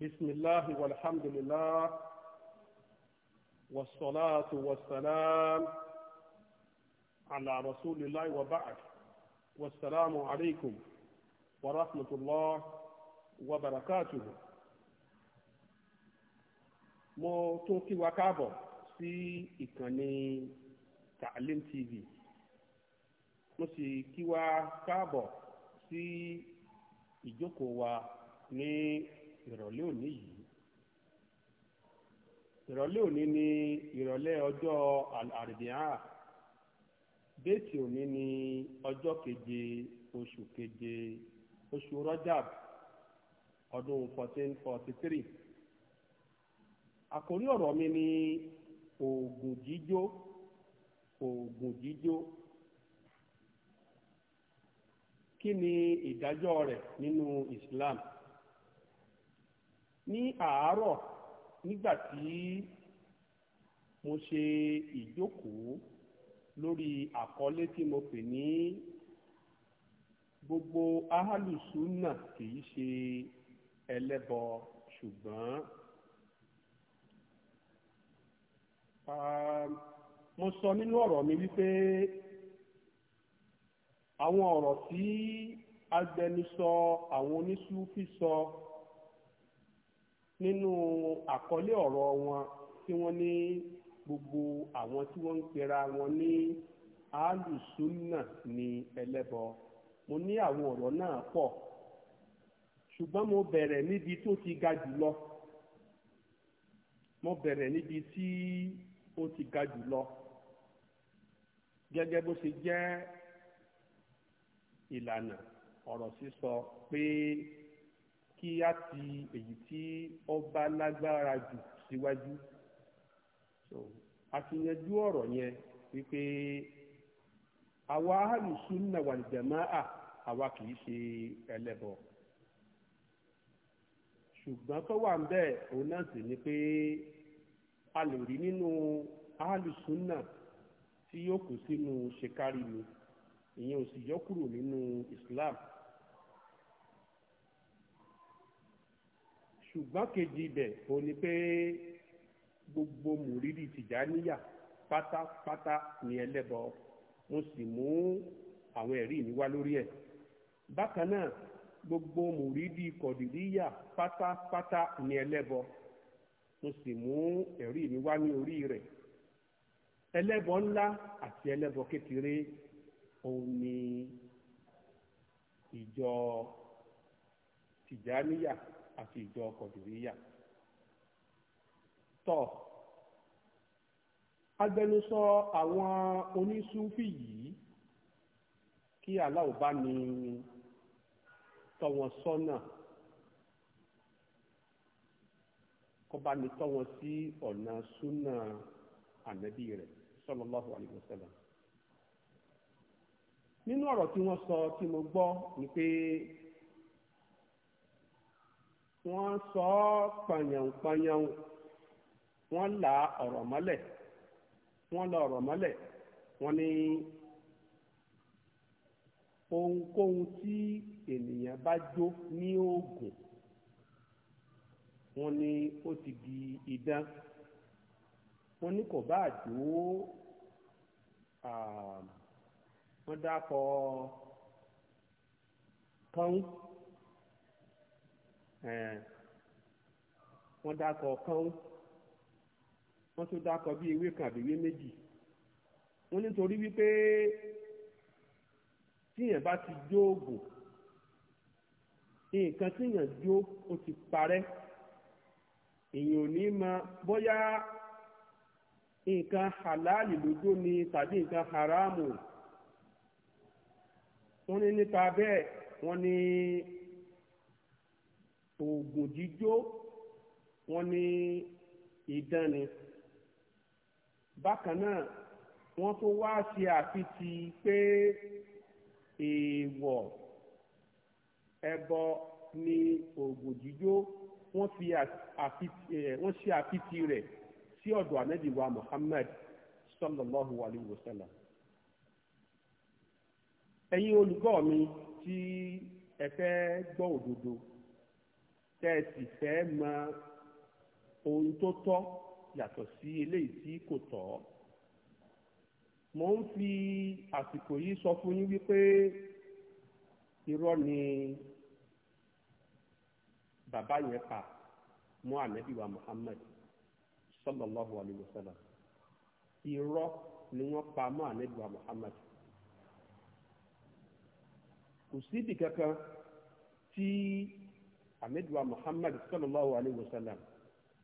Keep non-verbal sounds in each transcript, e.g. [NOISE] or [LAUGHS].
بسم الله والحمد لله والصلاة والسلام على رسول الله وبعد والسلام عليكم ورحمة الله وبركاته mo tún kí wa káàbọ̀ sí ìkànnì Taalim TV mo sì kí wa káàbọ̀ sí ìjókòó wa ní ìrọ̀lẹ́ òní yìí ìrọ̀lẹ́ òní ni ìrọ̀lẹ́ ọjọ́ àrìbíà déètì òní ni ọjọ́ keje oṣù keje oṣù rọ́jàb ọdún fourteen forty three àkórí ọ̀rọ̀ mi ni oògùn jíjó oògùn jíjó kí ni ìdájọ́ rẹ̀ nínú Islam ní àárọ̀ nígbà tí mo ṣe ìjókòó lórí àkọlé tí mo pè ní gbogbo ahalùsùnà kìí ṣe ẹlẹ́bọ ṣùgbọ́n mo sọ nínú ọ̀rọ̀ mi wípé àwọn ọ̀rọ̀ tí agbẹnusọ àwọn oníṣúfì sọ. So, nínú àkọlé ọ̀rọ̀ wọn tí wọ́n ní gbogbo àwọn tí wọ́n ń pera wọn ní alùsùnà ní ẹlẹ́bọ mo ní àwọn ọ̀rọ̀ náà pọ̀ ṣùgbọ́n mo bẹ̀rẹ̀ níbi tó ti ga jùlọ mo bẹ̀rẹ̀ níbi tí ó ti ga jùlọ gẹ́gẹ́ bó ṣe jẹ́ ìlànà ọ̀rọ̀ sísọ pé kí á ti èyí tí ó bá lágbára jù síwájú so àtìyànjú ọ̀rọ̀ yẹn wípé àwa alùsùnà wàlìjàmáà àwa kì í ṣe ẹlẹ́bọ ṣùgbọ́n tó wà ń bẹ́ẹ̀ òun náà sì ni pé a lè rí nínú alùsùnà tí yóò kù sínú ṣèkárí mi ìyẹn ò sì yọ kúrò nínú Islam. ṣùgbọ́n kejì ibẹ̀ ò ní pé gbogbo mùrídì tìjàníyà pátápátá ní ẹlẹ́bọ mo sì mú àwọn ẹ̀rí mi wá lórí ẹ̀ bákan náà gbogbo mùrídì kọ̀dìríyà pátápátá ní ẹlẹ́bọ mo sì mú ẹ̀rí mi wá ní orí rẹ̀ ẹlẹ́bọ ńlá àti ẹlẹ́bọ kékeré òun ni ìjọ tìjàníyà àti ìjọ kọ̀dùríyà tọ́ agbẹnusọ àwọn onísúfì yìí kí aláwọ̀ bá ní tọ́ wọn sọ́nà kó bá ní tọ́ wọn sí ọ̀nà súnà ànábì rẹ̀ sallallahu alaihi wasallam nínú ọ̀rọ̀ tí wọ́n sọ tí mo gbọ́ ni pé wọ́n sọ ọ́ pàyànpàyàn wọ́n la ọ̀rọ̀ mọ́lẹ̀ wọ́n la ọ̀rọ̀ mọ́lẹ̀ wọ́n ní ohunkóhun tí ènìyàn bá jó ní oògùn wọ́n ní ó ti di idán wọ́n ní kò bá àjò wọ́n dákọ̀ kán wọ́n dákọ̀ kán wọ́n tún dákọ̀ bí ewé kan àbí ewé méjì wọ́n nítorí wípé tíyàn bá ti jó oògùn nǹkan tíyàn jó ó ti parẹ́ èyàn ò ní mọ bóyá nǹkan halali ló jó ni tàbí nǹkan haramu wọ́n ní nípa bẹ́ẹ̀ wọ́n ní. Ni oògùn jíjó wọ́n ní idán ni bákan náà wọ́n tún wá ṣe àfitì pé èèwọ̀ ẹbọ ni oògùn jíjó wọ́n fi wọ́n ṣe àfitì rẹ̀ sí ọ̀dọ̀ ànábì wa Muhammad sallallahu alayhi wa sallam ẹ̀yin olùgbọ́ mi tí ẹ fẹ́ gbọ́ òdodo tẹ́ ẹ sì fẹ́ mọ ohun tó tọ́ yàtọ̀ sí eléyìí tí kò tọ́ mo ń fi àsìkò yìí sọ fún yín wípé irọ́ ni bàbá yẹn pa mọ́ ànábì wa Muhammad sallallahu alayhi wa sallam irọ́ ni wọ́n pa mọ́ ànábì wa Muhammad kò síbi kankan tí amẹ́dùwà Muhammad sallallahu alayhi wa sallam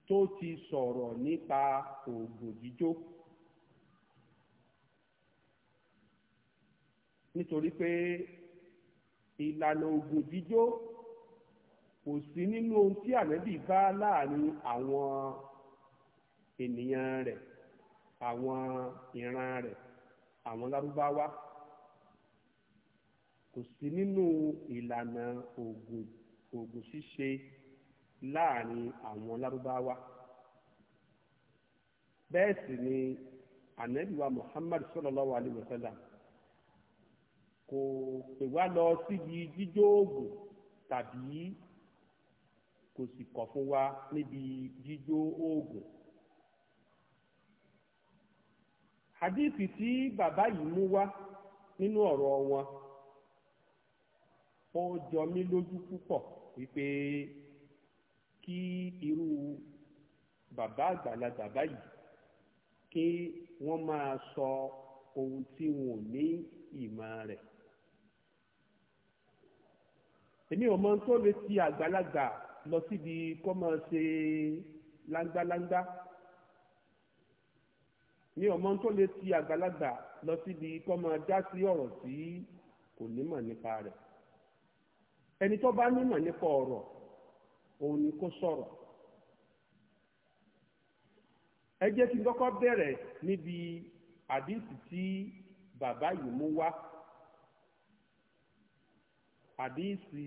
tó ti sọ̀rọ̀ nípa oògùn jíjó nítorí pé ìlànà oògùn jíjó kò sí nínú ohun tí ànábì bá láàrin àwọn ènìyàn rẹ̀ àwọn ìran rẹ̀ àwọn lárúbáwá kò sí nínú ìlànà oògùn oògùn ṣíṣe láàrin àwọn lárúbáwá bẹ́ẹ̀ sì ni ànábìwá Muhammad sallallahu alaihi wasallam kò pè wá lọ síbi jíjó oògùn tàbí kò sì kọ̀ fún wa níbi jíjó ogun. hadithi tí bàbá yìí mú wá nínú ọ̀rọ̀ wọn ó jọ mí lójú púpọ̀. wípé kí irú bàbá àgbàlagbà báyìí kí wọ́n máa sọ ohun tí wọn ò ní ìmọ̀ rẹ̀ èmi ò mọ tó lè ti àgbàlagbà lọ síbi kọ́ máa ṣe láńgbáláńgbá mi ò mọ tó lè ti àgbàlagbà lọ síbi kọ́ máa dá sí ọ̀rọ̀ tí kò nímọ̀ nípa rẹ̀ ẹni tó bá nímọ̀ nípa ọ̀rọ̀ òun ni kó sọ̀rọ̀ ẹ jẹ́ kí n kọ́kọ́ bẹ̀rẹ̀ níbi àdìsí tí bàbá yìí mú wá àdìsí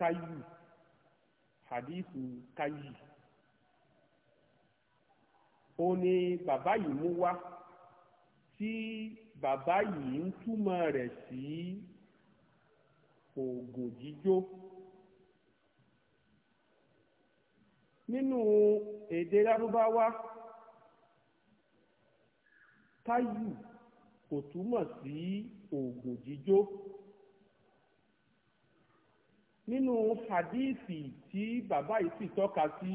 káyù àdìsí káyù òun ni bàbá yìí mú wá tí bàbá yìí ń túmọ̀ rẹ̀ sí. Si oògùn jíjó nínú èdè lárúbáwá táyù kò túmọ̀ sí oògùn jíjó nínú hadithi tí bàbá yìí sì tọ́ka sí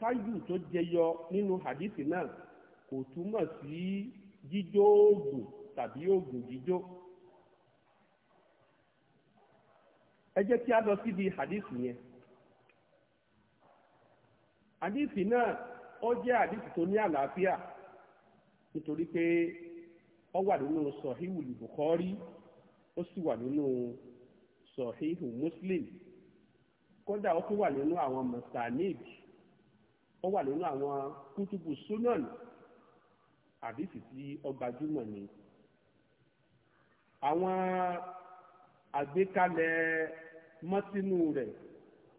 táyù tó jẹyọ nínú hadithi náà kò túmọ̀ sí jíjó oògùn tàbí oògùn jíjó. ẹ jẹ́ kí a lọ síbi hadithi yẹn hadithi náà ó jẹ́ hadithi tó ní àlàáfíà nítorí pé ó wà nínú sọ̀híhù Bukhari ó sì wà nínú sọ̀híhù Muslim kódà ó tún wà nínú àwọn mọ̀sánìd ó wà nínú àwọn kútùbù súnánì àdìsí tí ó gbajúmọ̀ ni àwọn àgbékalẹ̀ mọ́sínú rẹ̀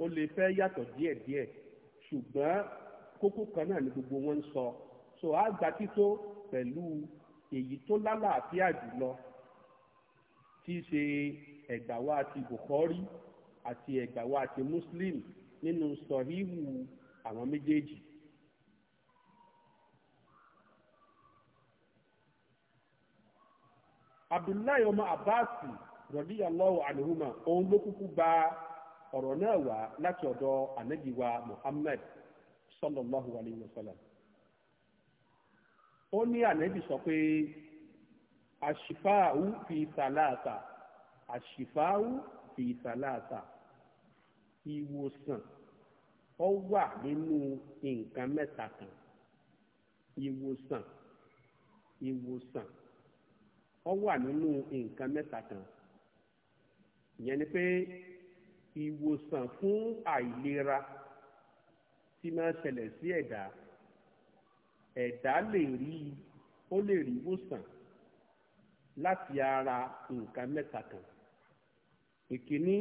ó lè fẹ́ yàtọ̀ díẹ̀díẹ̀ ṣùgbọ́n kókó kan náà ni gbogbo wọn ń sọ so á gba tító pẹ̀lú èyí tó lálàáfíà jùlọ tí í ṣe ẹ̀gbàwá ti Bukhari àti ẹ̀gbàwá ti Muslim nínú sọ̀híhù àwọn méjèèjì. abdullahi ọmọ rọdí radiyallahu anhuma òun ló kúkú bá ọ̀rọ̀ náà wá láti ọ̀dọ̀ ànábì wa muhammad sallallahu alayhi wa sallam ó ní ànábì sọ pé àṣìfáàwù fi sàlàtà fi sàlàtà ìwòsàn ó wà nínú nǹkan mẹ́ta kan ìwòsàn ìwòsàn. ọ wà nínú nǹkan mẹ́ta kan ìyẹn ni pé ìwòsàn fún àìlera tí máa ń ṣẹlẹ̀ sí ẹ̀dá ẹ̀dá lè rí ó lè rí ìwòsàn láti ara nǹkan mẹ́ta kan ìkíní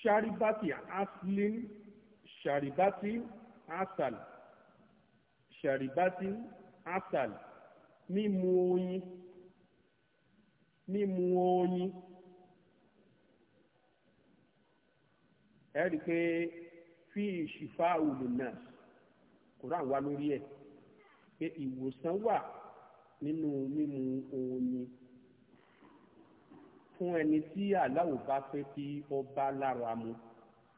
ṣaribati aslin ṣaribati asal ṣàrìbátí asal mímu oyin mímu oyin ẹ rí i pé fi ìṣìfà olùnà Quran wà lórí ẹ̀ pé ìwòsàn wà nínú mímu oyin fún ẹni tí aláwo bá fẹ́ kí ó lára mu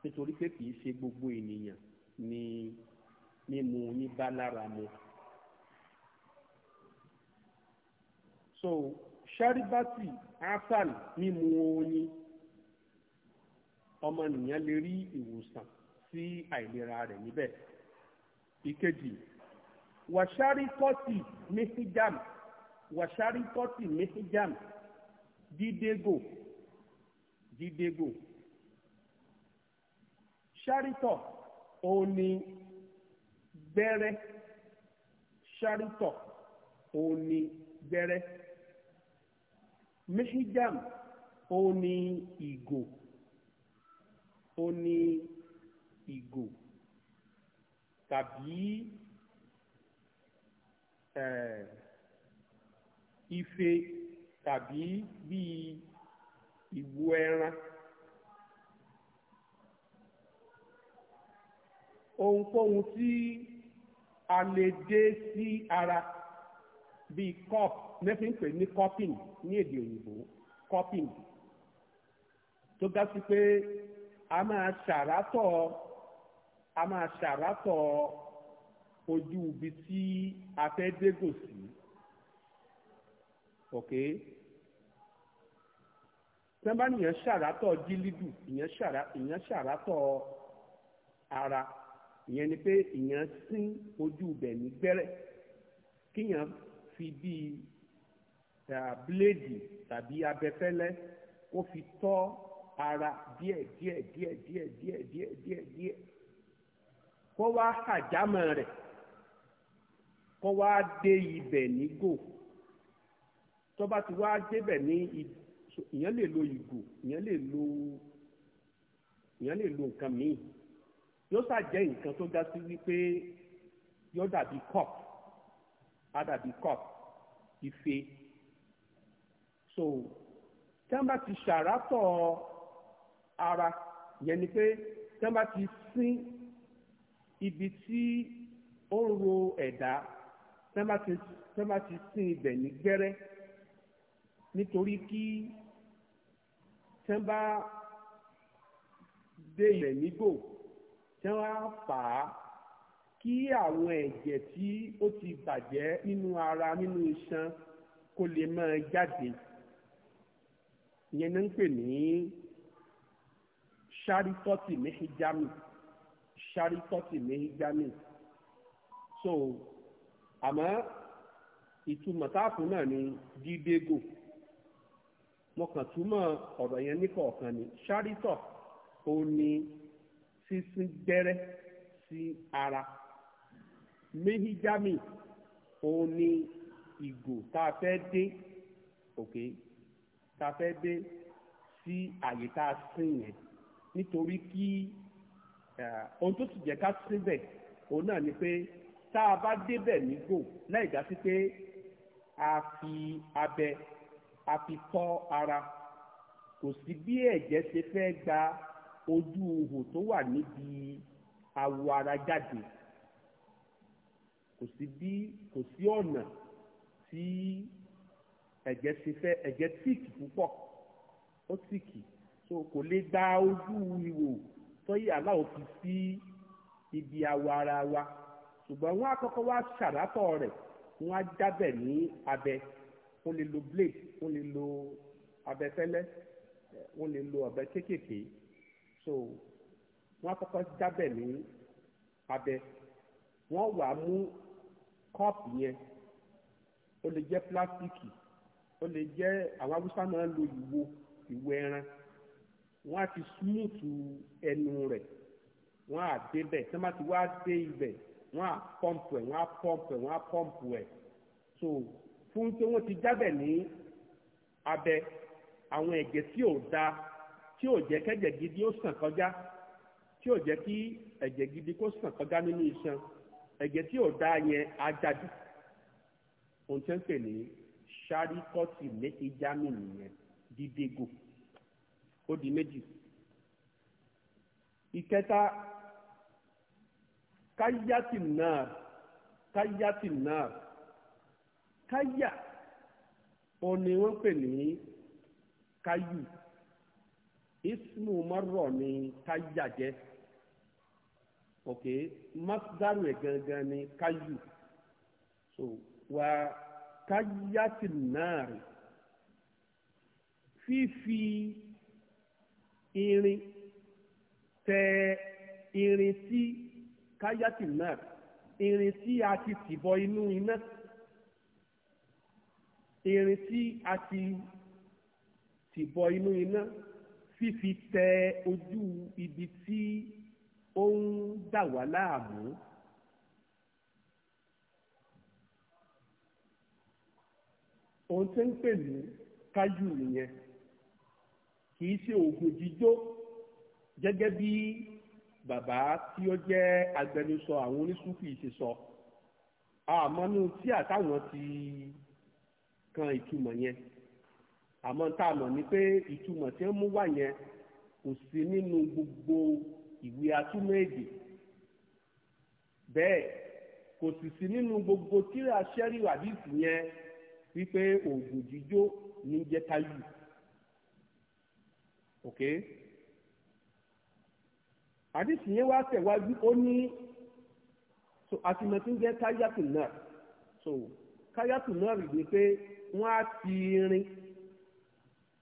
nítorí pé kì í ṣe gbogbo ènìyàn Ni ni mímu yín bá lára mu. so ṣáribátì asan mímu oyin ọmọnìyàn lè rí ìwòsàn sí àìlera rẹ̀ níbẹ̀. ìkejì wàṣárikọ́tì mihijam wàṣárikọ́tì mihijam dídégò dídégò ṣáritọ̀ òun ni gbẹ́rẹ́ ṣárítọ̀ oni ni gbẹ́rẹ́ mihijam òun ni ìgò òun ni ìgò tàbí eh, ife tàbí bíi ìwo ẹran. ohunkóhun tí a lè dé sí ara bíi cup mẹ́fì ń pè ní cupping ní èdè òyìnbó cupping tó ga sí pé a máa ṣàrátọ̀ a máa ṣàrátọ̀ ojú ibi tí a fẹ́ dégò sí ok tẹ́ńbà nìyẹn ṣàrátọ̀ jílídù ìyẹn ṣàrátọ̀ ara ìyẹn ni pé ìyẹn sín ojú ibẹ̀ ní gbẹ́rẹ́ kíyàn fi bíi bíléèdì tàbí abẹfẹ́lẹ́ kó fi tọ́ ara díẹ̀ díẹ̀ díẹ̀ díẹ̀ díẹ̀ díẹ̀ díẹ̀ díẹ̀ kó wá àjámọ̀ rẹ̀ kó wá dé ibẹ̀ nígò tó bá ti wá débẹ̀ ní ìyẹn lè lo ìgò ìyẹn lè lo ìyẹn lè lo nǹkan míì yóò ṣàjẹ́ nǹkan tó dá sí wípé yóò dàbí cup á dàbí cup ife so tí wọ́n bá ti ṣàrátọ̀ ara yẹn ni pé tí wọ́n bá ti sín ibi tí ó ń ro ẹ̀dá tí ti sín ibẹ̀ ní gbẹ́rẹ́ nítorí kí tí dé ilẹ̀ nígbò tí wọ́n á fà á kí àwọn ẹ̀jẹ̀ tí ó ti bàjẹ́ nínú ara nínú iṣan kó lè máa jáde ìyẹn ní ń pè ní ṣáritọ́tì mẹ́hìjámì ṣáritọ́tì mẹ́hìjámì so àmọ́ ìtumọ̀ táàpù náà ni dídégò mọ̀kàntúmọ̀ ọ̀rọ̀ yẹn ní kọ̀ọ̀kan ni ṣáritọ̀ ó sísín gbẹ́rẹ́ sí ara mehijami òun ni ìgò tá a fẹ́ dé òkè tá a fẹ́ dé sí àyè tá a sìn yẹn nítorí kí ohun tó sì jẹ́ ká síbẹ̀ òun náà ni pé tá a bá débẹ̀ nígò láì dá sí pé a fi abẹ a fi tọ́ ara kò sí bí ẹ̀jẹ̀ ṣe fẹ́ gba ojú ihò tó wà níbi awọ ara jáde kò sí bí kò sí ọ̀nà tí ẹ̀jẹ̀ ti fẹ́ ẹ̀jẹ̀ tíìkì púpọ̀ ó tíìkì so kò lè gba ojú ihò tọ́yì aláwọ̀ fi sí ibi awọ ara wa ṣùgbọ́n wọ́n á kọ́kọ́ wá ṣàrátọ̀ rẹ̀ wọ́n á jábẹ̀ ní abẹ wọ́n lè lo blade wọ́n lè lo abẹfẹ́lẹ́ wọ́n lè lo ọ̀bẹ kéékèèké so wọ́n kọ́kọ́ jábẹ̀ ní abẹ wọ́n wá mú kọ́ọ̀pù yẹn ó lè jẹ́ pílásìkì ó lè jẹ́ àwọn haúsá máa ń lo ìwo ìwo ẹran wọ́n á ti súmùtù ẹnu rẹ̀ wọ́n á débẹ̀ tí wọ́n bá ti wá dé ibẹ̀ wọ́n á pọ́ǹpù ẹ̀ wọ́n á pọ́ǹpù ẹ̀ wọ́n á pọ́ǹpù ẹ̀ so fún pé wọ́n ti jábẹ̀ ní abẹ àwọn ẹ̀jẹ̀ tí ò dáa tí ò jẹ́ kẹ́jẹ̀ gidi ó sàn kọjá tí ò jẹ́ kí ẹ̀jẹ̀ gidi kó sàn kọjá nínú iṣan ẹ̀jẹ̀ tí ò dá yẹn á jáde ohun tí ń pè ní ṣáríkọ́tì méjì jámì nìyẹn dídégò ó di méjì ìkẹta káyátì náà káyátì náà káyà òun ni wọ́n pè ní káyù ismu mọ́rọ̀ ni káyà jẹ́ ok masdaru ẹ̀ gangan ni káyù so wa káyàtì náàrí fífi irin tẹ irin sí káyàtì náà irin tí a ti tìbọ inú iná irin tí a ti tìbọ inú iná fífi tẹ ojú ibi tí ó ń dà wá láàmú. ohun tí ń pè ní kájú nìyẹn kì í ṣe oògùn jíjó gẹ́gẹ́ bí bàbá tí ó jẹ́ agbẹnusọ àwọn oníṣúfì ṣe sọ àmọ́nú tí àtàwọn ti kan ìtumọ̀ yẹn àmọ́ tá a mọ̀ ni pé ìtumọ̀ tí ń mú wà yẹn kò sí nínú gbogbo ìwé atúmọ̀ èdè bẹ́ẹ̀ kò sì sí nínú gbogbo tíra sẹ́rí wàdíìsì yẹn wípé oògùn jíjó ní jẹ́tayù ok àdìsí yẹn wá tẹ̀wájú ó ní so àtìmọ̀ tí ń jẹ́ káyàtù náà so káyàtù náà rí i pé wọ́n á ti rin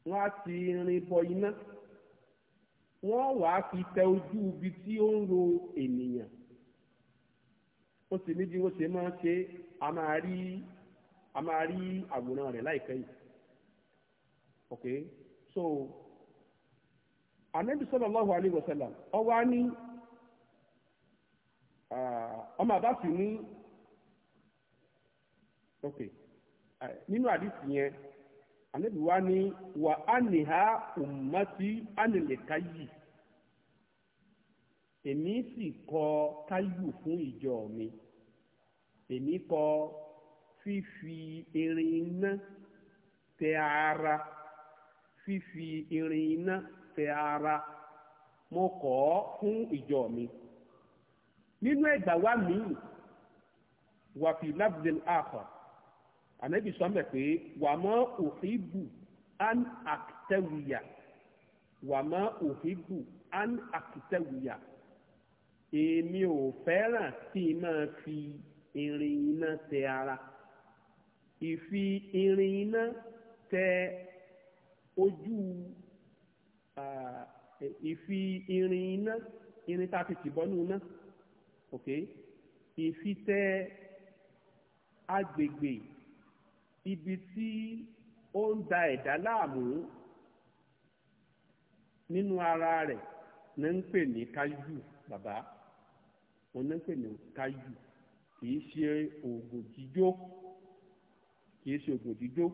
wọ́n á ti rin bọ iná wọ́n wàá fi tẹ ojú ibi tí ó ń ro ènìyàn ó sì ní bí wọ́n ṣe máa ń ṣe a máa rí a máa rí àwòrán rẹ̀ láìpẹ́ yìí ok so anabi sallallahu alayhi wa sallam ọwọ á ní ọmọ àbá sì ní ok nínú àdìsí yẹn ànábì wa ni wà á nìhá ummati ánìlẹ̀ káyì èmi sì kọ̀ káyù fún ìjọ mi èmi kọ̀ fífi irin iná tẹ ara fífi irin iná tẹ ara mo kọ̀ ọ́ fún ìjọ mi nínú ẹgbàá wa míì wà fi lábdil akhar ànábì sọ́mẹ̀ pé wàmọ́ òhìbù an àkìtẹ́wìyà wàmọ́ òhìbù an àkìtẹ́wìyà èmi ò fẹ́ràn tí ì máa fi irin iná tẹ ara ìfi irin iná tẹ ojú ìfi irin iná irin tá a fi tìbọnú iná ìfi tẹ agbègbè ibi tí ó ń da ẹ̀dá láàmú nínú ara rẹ̀ ní ń pè ní kájú bàbá òun ní ń pè ní kájú kìí ṣe oògùn jíjó kìí ṣe oògùn jíjó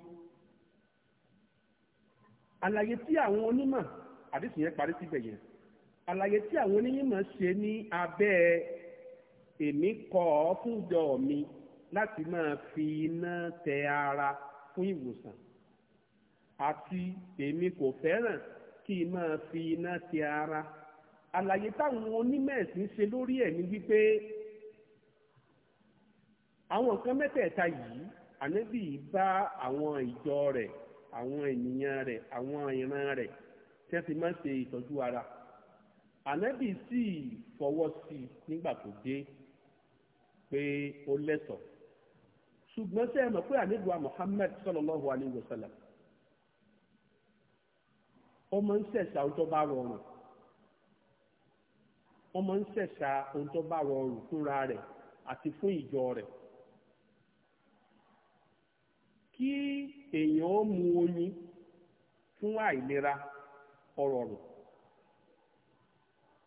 àlàyé tí àwọn onímọ̀ àdéhùn yẹn parí síbẹ̀ yẹn àlàyé tí àwọn onímọ̀ ṣe ní abẹ́ èmi kọ́ ọ fún ìjọ mi láti máa fi iná tẹ ara fún ìwòsàn àti èmi kò fẹ́ràn kí n máa fi iná tẹ ara àlàyé táwọn onímọ̀ ẹ̀sìn ṣe lórí ẹ̀ ni wípé àwọn nǹkan mẹ́tẹ̀ẹ̀ta yìí ànábì bá àwọn ìjọ rẹ̀ àwọn ènìyàn rẹ̀ àwọn ìran rẹ̀ tẹ́sí máa ń ṣe ìtọ́jú ara ànábì sì fọwọ́ sí i nígbà tó dé pé ó lẹ́sọ̀ọ́ ṣùgbọ́n sẹ́yìn mọ̀ pé àníbùwà Muhammad sallallahu alayhi wa sallam ọmọ ń ṣẹ̀ṣà ohun tó bá rọrùn ọmọ ń ohun tó bá rọrùn fúnra rẹ̀ àti fún ìjọ rẹ̀ kí èèyàn mu oyin fún àìlera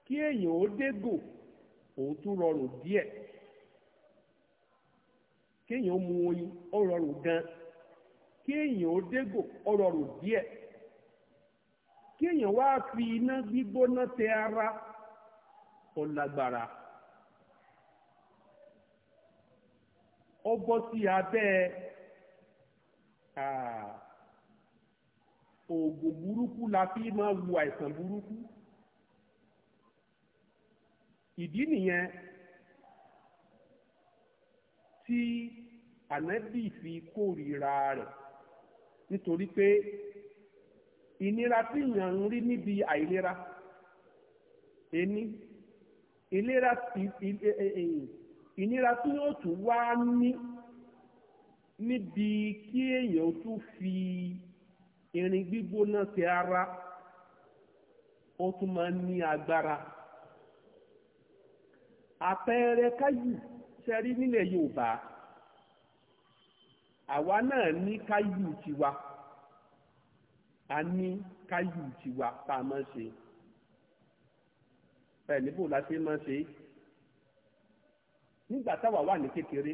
kí èèyàn ó dégò òun tún rọrùn díẹ̀ kéèyàn mu oyin ó rọrùn gan kéèyàn ó dégò ó rọrùn díẹ̀ kéèyàn wá fi iná gbígbóná tẹ ara ó lágbára ó bọ́ sí abẹ́ oògùn burúkú la fi máa wo àìsàn burúkú ìdí nìyẹn tí ànábì fi kórìíra rẹ̀ nítorí pé ìnira tí èèyàn ń rí níbi àìlera ẹni ìlera ìnira tí yóò tún wá ní níbi kí èèyàn tún fi irin gbígbóná ṣe ara ó tún máa ń ní agbára àpẹẹrẹ káyù ṣẹ́rí nílẹ̀ Yorùbá àwa náà ní káyù tiwa a ní káyù tiwa tá a máa ń ṣe ẹ níbo la ṣe máa ń ṣe nígbà táwa wà ní kékeré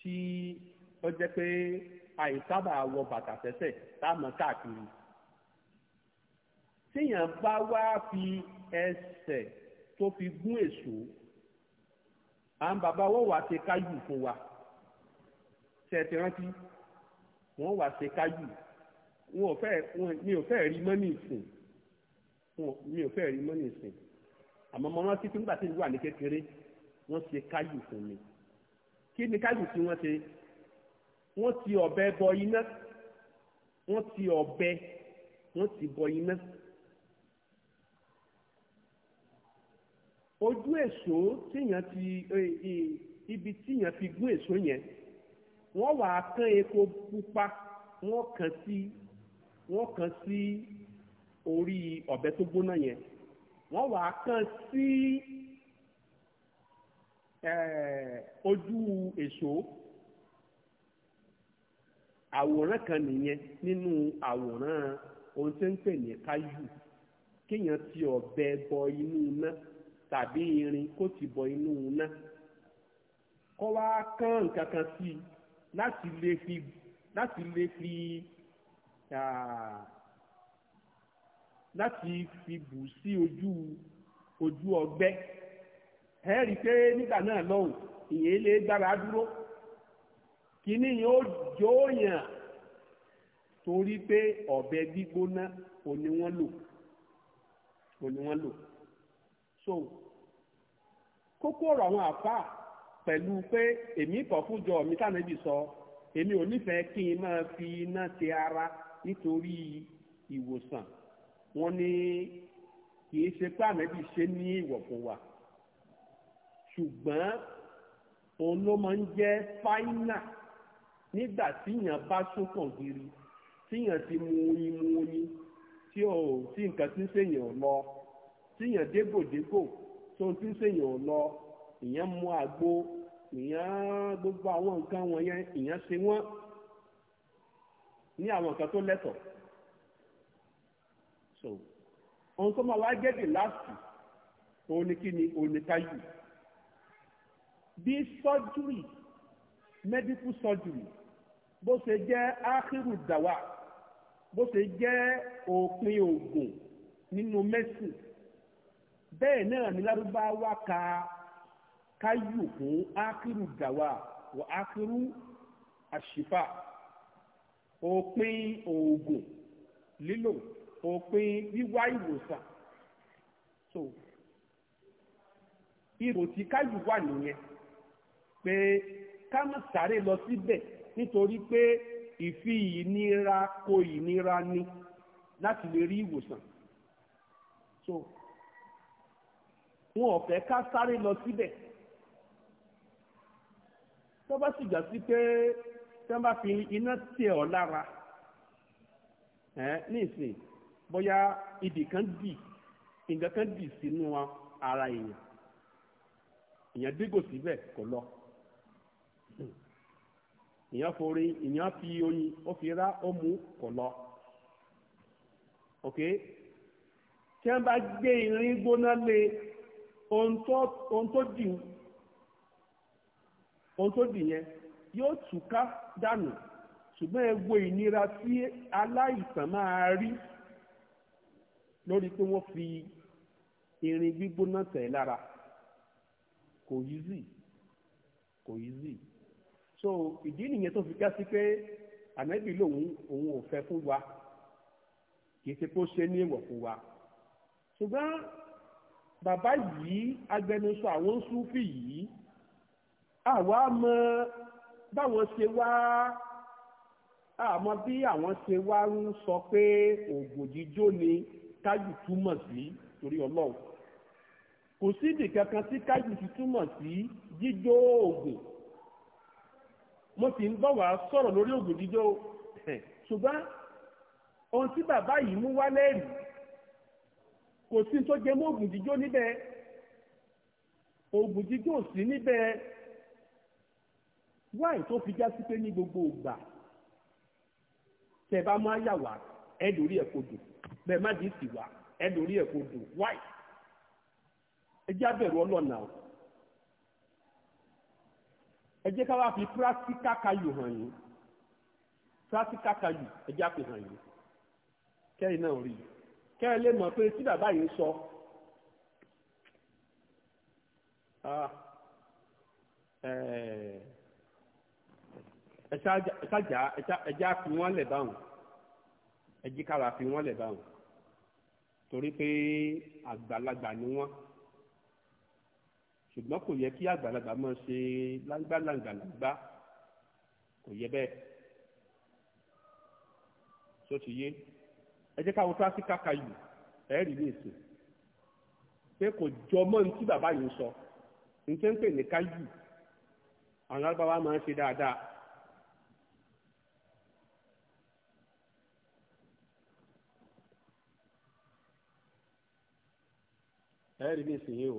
tí ó jẹ́ pé àìsábà wọ bàtà sẹ́sẹ̀ tá a mọ̀ káàkiri tíyàn bá wá fi ẹsẹ̀ tó fi gún èso à ń bàbá wọ́n wá ṣe káyù fún wa ṣe ti rántí wọ́n wá ṣe káyù wọn ò fẹ́ mi ò fẹ́ rí mọ́nì ìsìn mi ò fẹ́ rí mọ́nì ìsìn àmọ́ mo rántí pé nígbà tí mo wà ní kékeré wọ́n ṣe káyù fún mi kí ni káyù tí wọ́n ṣe wọ́n ti ọ̀bẹ bọ iná wọ́n ti ọ̀bẹ wọ́n ti bọ iná. ojú èso tíyàn ti e, e, ibi tíyàn fi gún èso yẹn wọ́n wà á kán epo pupa wọ́n kàn sí wọ́n kàn sí orí ọ̀bẹ tó gbóná yẹn wọ́n wà á kán sí ojú èso àwòrán kan nìyẹn nínú àwòrán ohun tí ń pè ní káyù kéèyàn ti ọ̀bẹ bọ inú iná. tàbí irin kó ti bọ inú iná kó wá kán nǹkan kan sí i láti lè fi láti lè fi láti fi bù sí ojú ojú ọgbẹ́ ẹ rí i pé nígbà náà lọ́hùn ìyẹn lè gbára dúró kíní yẹn ó jóòyàn torí pé ọ̀bẹ gbígbóná òní wọ́n lò òní wọ́n lò so kókó ọ̀rọ̀ àwọn àfáà pẹ̀lú pé èmi kọ̀ fúnjọ mi tànàbí sọ èmi ò nífẹ̀ẹ́ kí n máa fi iná ti ara nítorí ìwòsàn wọn ni kì í ṣe pé ànábì ṣe ní ìwọ̀ fún wa ṣùgbọ́n òun ló máa ń jẹ́ fáínà nígbà tíyàn bá sókàn gírí tíyàn ti mu oyin mu oyin tí nǹkan tí ń ṣèyàn lọ tíyàn dégòdégò tó ń tí ń sèyàn ò lọ ìyẹn mú àgbo ìyẹn gbogbo àwọn nǹkan wọn yẹn ìyẹn ṣe wọ́n ní àwọn nǹkan tó lẹ́tọ̀ so ohun tó máa wá gẹ́gẹ́ láti òun ni kí ni òun ni táyù bí surgery medical surgery bó ṣe jẹ́ ákírù dàwà bó ṣe jẹ́ òpin òògùn nínú mẹ́sìn bẹ́ẹ̀ náà ni lárúbáwá ka káyù fún ákírù dàwà wọ ákírù àṣìfà òpin oògùn lílò òpin wíwá ìwòsàn so irò tí káyù wà nìyẹn pé ká má sáré lọ síbẹ̀ nítorí pé ìfi ìnira kò ìnira ni láti lè rí ìwòsàn so wọn ò fẹ́ ká sáré lọ síbẹ̀ tó bá sì jà sí pé tí wọ́n bá fi iná tiẹ̀ ọ́ lára ẹ̀ ní ìsìn bóyá ibì kan dì nǹkan kan dì sínú ara èèyàn èèyàn dégò síbẹ̀ kò lọ èèyàn forí èèyàn fi oyin ó fi rá ó mú kò lọ ok tí wọ́n bá gbé irin gbóná lé ohun tó dì ohun tó dì yẹn yóò túká dànù ṣùgbọ́n ẹ wo ìnira tí aláìsàn máa rí lórí pé wọ́n fi irin gbígbóná tẹ̀ lára kò easy kò easy so ìdí nìyẹn tó fi ká sí pé ànábì lòun òun ò fẹ́ fún wa kì í ṣe pé ó ṣe ní èèwọ̀ fún wa ṣùgbọ́n bàbá yìí agbẹnusọ àwọn súfì yìí àwa mọ báwọn ṣe wá àmọ́ bí àwọn ṣe wá ń sọ pé ògùn jíjó ni kájù túmọ̀ sí torí ọlọ́run kò sídìí kankan tí kájù ti túmọ̀ sí jíjó ògùn mo sì ń bọ̀ wá sọ̀rọ̀ lórí ògùn jíjó ṣùgbọ́n ohun tí bàbá yìí mú wálé rí kò sí tó jẹ mọ́ ògùn jíjó níbẹ̀ ògùn jíjó sí wáì fi já sí pé gbogbo ìgbà tẹ́ bá máa yà wá ẹ lórí ẹ kodò bẹ́ẹ̀ má dìísì wá ẹ lórí ẹ wáì o ẹ ká wá fi pírátíkà kayù hàn yín pírátíkà kayù ẹ jẹ́ àpè hàn yín kẹ́ ẹ lè mọ̀ pé tí bàbá yìí sọ ẹ̀ṣájà ẹ̀já fi wọ́n lẹ̀ báwọn ẹ̀jíkára fi wọ́n lẹ̀ báwọn torí pé àgbàlagbà ni wọ́n ṣùgbọ́n kò yẹ kí àgbàlagbà máa ṣe láńgbàlàǹgbàlàǹgbà kò yẹ bẹ́ẹ̀ tó ti yé. So, ẹ jẹ́ káwọn tíráṣí káka yìí ẹ̀ rí léèsì pé kò jọ mọ́ ní tí bàbá yìí sọ ní tí ń pè ní káyù àwọn alábàbá máa ń ṣe dáadáa. ẹ̀ rí léèsì yìí o.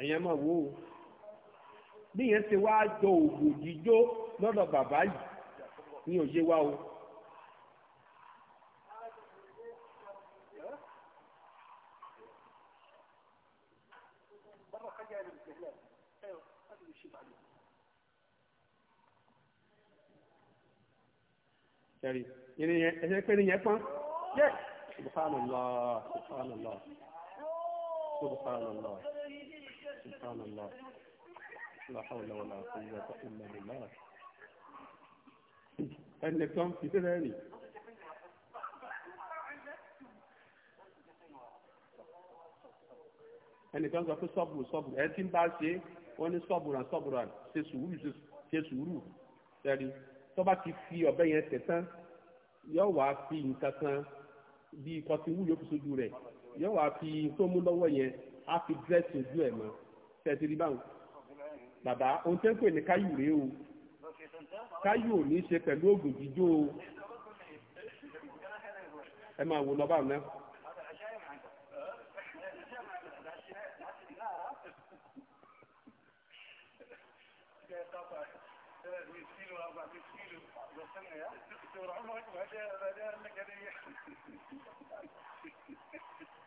ẹ̀yẹn máa wò ó bí yẹn ti wá jọ òògùn jíjó lọ́dọ̀ bàbá yìí ní òye wa o. Sẹ́rí, ìrìn yẹn, ẹ̀sẹ̀ pé ní yẹn pọ́n. Yẹ́! Subhanallah, subhanallah subhanallah subhanallah la hawla wala quwwata illa billah ẹnìkan fi sílẹ̀ rìn. ẹnìkan sọ pé sọ́bùrù sọ́bùrù ẹ ti ń bá ṣe wọ́n ní sọ́bùrù àn sọ́bùrù àn ṣe sùúrù ṣe sùúrù ṣẹ́rí tó bá ti fi ọ̀bẹ yẹn tẹ̀ tán yóò wá fi nǹkan kan bíi kọtínwó yóò fi sójú rẹ̀ yóò wá fi tó mú lọ́wọ́ yẹn á fi dírẹ́sì ojú ẹ̀ mọ́ tẹ́tí rí báwọn. bàbá ohun tẹ́ ń pè ní káyù rèé o káyù ò ní í ṣe pẹ̀lú oògùn jíjó o ẹ máa wò lọ báwọn náà. [LAUGHS]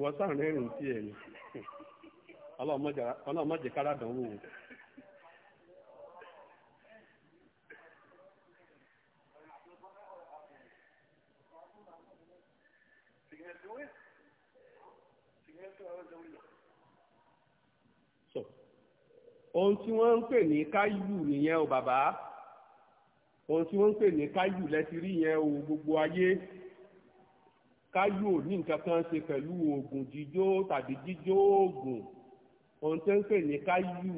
wọ́n sàárín ẹ̀rùn sí ẹ̀ ni ọlọ́mọdé kára dánwò ohun tí wọ́n ń pè ní káyù nìyẹn o bàbá ohun tí wọ́n ń pè ní káyù lẹ́tìrí yẹn o gbogbo ayé. káyò ní nǹkan kan ṣe pẹ̀lú oògùn jíjó tàbí jíjó oògùn ohun tó ń pè ní káyù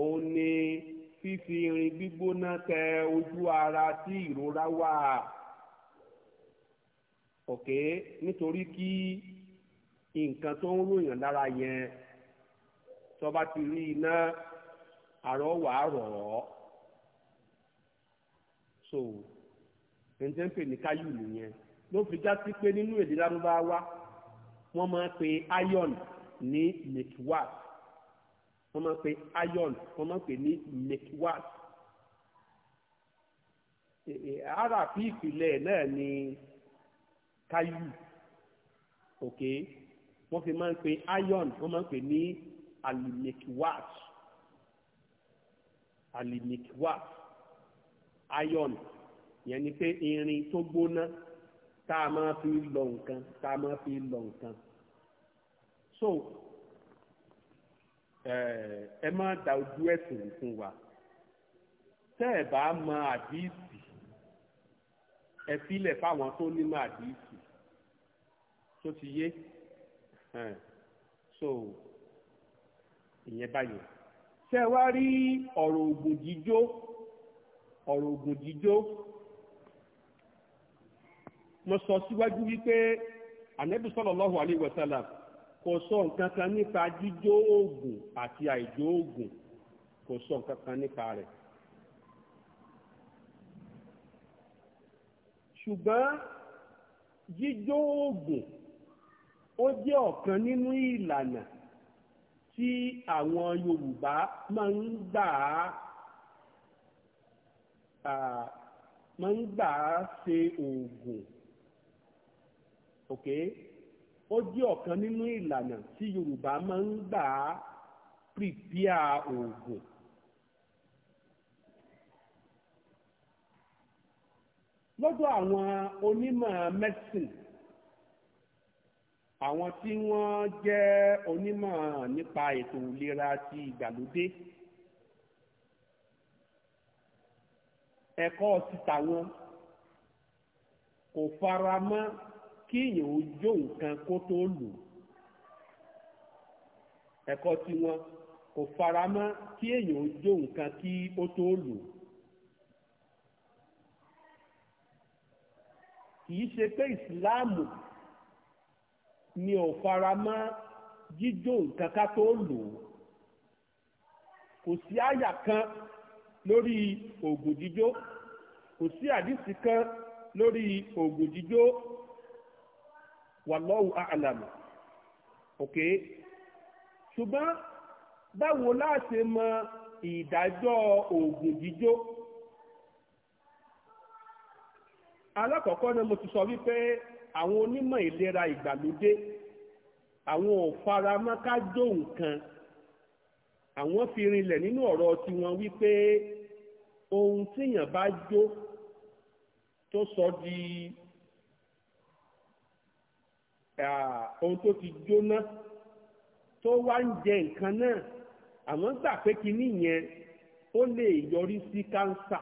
òun ni fífi irin gbígbóná tẹ ojú ara tí ìrora wà òkè nítorí kí nǹkan tó ń ròyìn lára yẹn tó bá ti rí iná àrọ rọ̀ ọ́ so ẹni tó ń pè ní káyù nìyẹn ló fi já sí pé nínú èdè lárúbáwá wọ́n máa ń pe iron ní mekiwat wọ́n máa ń pe iron wọ́n máa ń pè ní mekiwat ara fi ìpìlẹ̀ náà ni kayu òkè wọ́n fi máa pe iron wọ́n máa ń pè ní alimikiwat alimikiwat iron yẹn ni pé irin tó gbóná tá a máa fi lọ nǹkan tá a máa fi lọ nǹkan so ẹ má da ojú ẹ̀sìn fún wa tẹ́ ẹ bá mọ àdíìsì ẹ filẹ̀ fáwọn tó ní mọ àdíìsì tó ti yé so ìyẹn báyìí ṣé wá rí ọ̀rọ̀ ògùn jíjó ọ̀rọ̀ ògùn jíjó mo sọ síwájú wípé ànábì sallallahu alaihi wasallam kò sọ nǹkan kan nípa jíjó oògùn àti àìjó oògùn kò sọ nǹkan kan nípa rẹ̀. ṣùgbọ́n jíjó oògùn ó jẹ́ ọ̀kan nínú ìlànà tí àwọn Yorùbá máa ń gbà á máa ń gbà á ṣe oògùn ok ó jẹ́ ọ̀kan nínú ìlànà tí Yorùbá máa ń gbà á pìpìà oògùn. lọ́dọ̀ àwọn onímọ̀ medicine àwọn tí wọ́n jẹ́ onímọ̀ nípa ètò ìlera ti ìgbàlódé ẹ̀kọ́ ti tàwọn kò fara mọ́ kí èèyàn ó jó nǹkan kó tó lò ẹ̀kọ́ tiwọn kò fara mọ́ kí èèyàn ó jó nǹkan kí ó tó Kì kìí ṣe pé ìsìláàmù ni ò fara mọ́ jíjó nǹkan ká tó lù kò sí àyà kan lórí oògùn jíjó kò sí àdìsí kan lórí oògùn jíjó wallahu a'lam ok ṣùgbọ́n báwo la ṣe mọ ìdájọ́ oògùn jíjó alákọ̀ọ́kọ́ ni mo ti sọ wípé àwọn onímọ̀ ìlera ìgbàlódé àwọn ò fara mọ́ ká jó nǹkan àwọn fi rinlẹ̀ nínú ọ̀rọ̀ tiwọn wípé ohun tíyàn bá jó tó sọ di ohun tó ti jóná tó wá ń jẹ nǹkan náà àmọ́ gbà pé kinní yẹn ó lè yọrí sí kánsà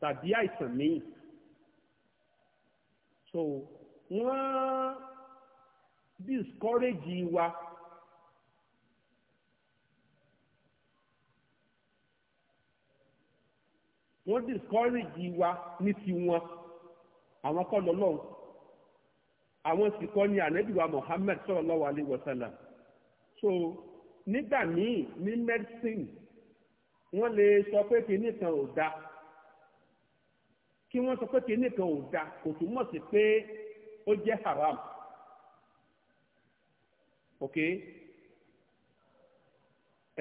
tàbí àìsàn míì so wọ́n discourage wa wọ́n discourage wa ní tiwọn. àwọn kọ́ lọ́lọ́run àwọn sì kọ́ ni ànẹ́bíwá Muhammad sallallahu alaihi wasallam so nígbà míì ní medicine wọ́n lè sọ pé kinní kan ò da kí wọ́n sọ pé kinní kan ò da kò túmọ̀ sí pé ó jẹ́ haram ok ẹ̀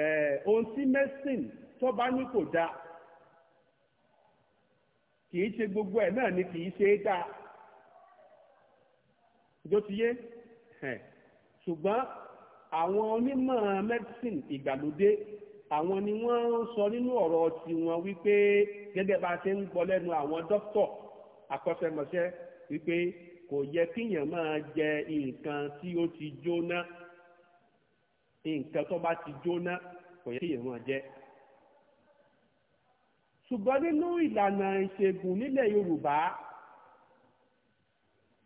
eh, ohun tí medicine tó bá ní kò da kì í ṣe gbogbo ẹ̀ náà ni kì í ṣe é dá tó ti yé ṣùgbọ́n àwọn onímọ̀ medicine ìgbàlódé àwọn ni wọ́n sọ nínú ọ̀rọ̀ tiwọn wípé gẹ́gẹ́ bá a ṣe ń gbọ́ lẹ́nu àwọn dókítọ̀ akọ́ṣẹ́mọṣẹ́ wípé kò yẹ kíyàn máa jẹ nǹkan tí ó ti jóná nǹkan tó bá ti jóná kò yẹ kíyàn máa jẹ. ṣùgbọ́n nínú ìlànà ìṣègùn nílẹ̀ yorùbá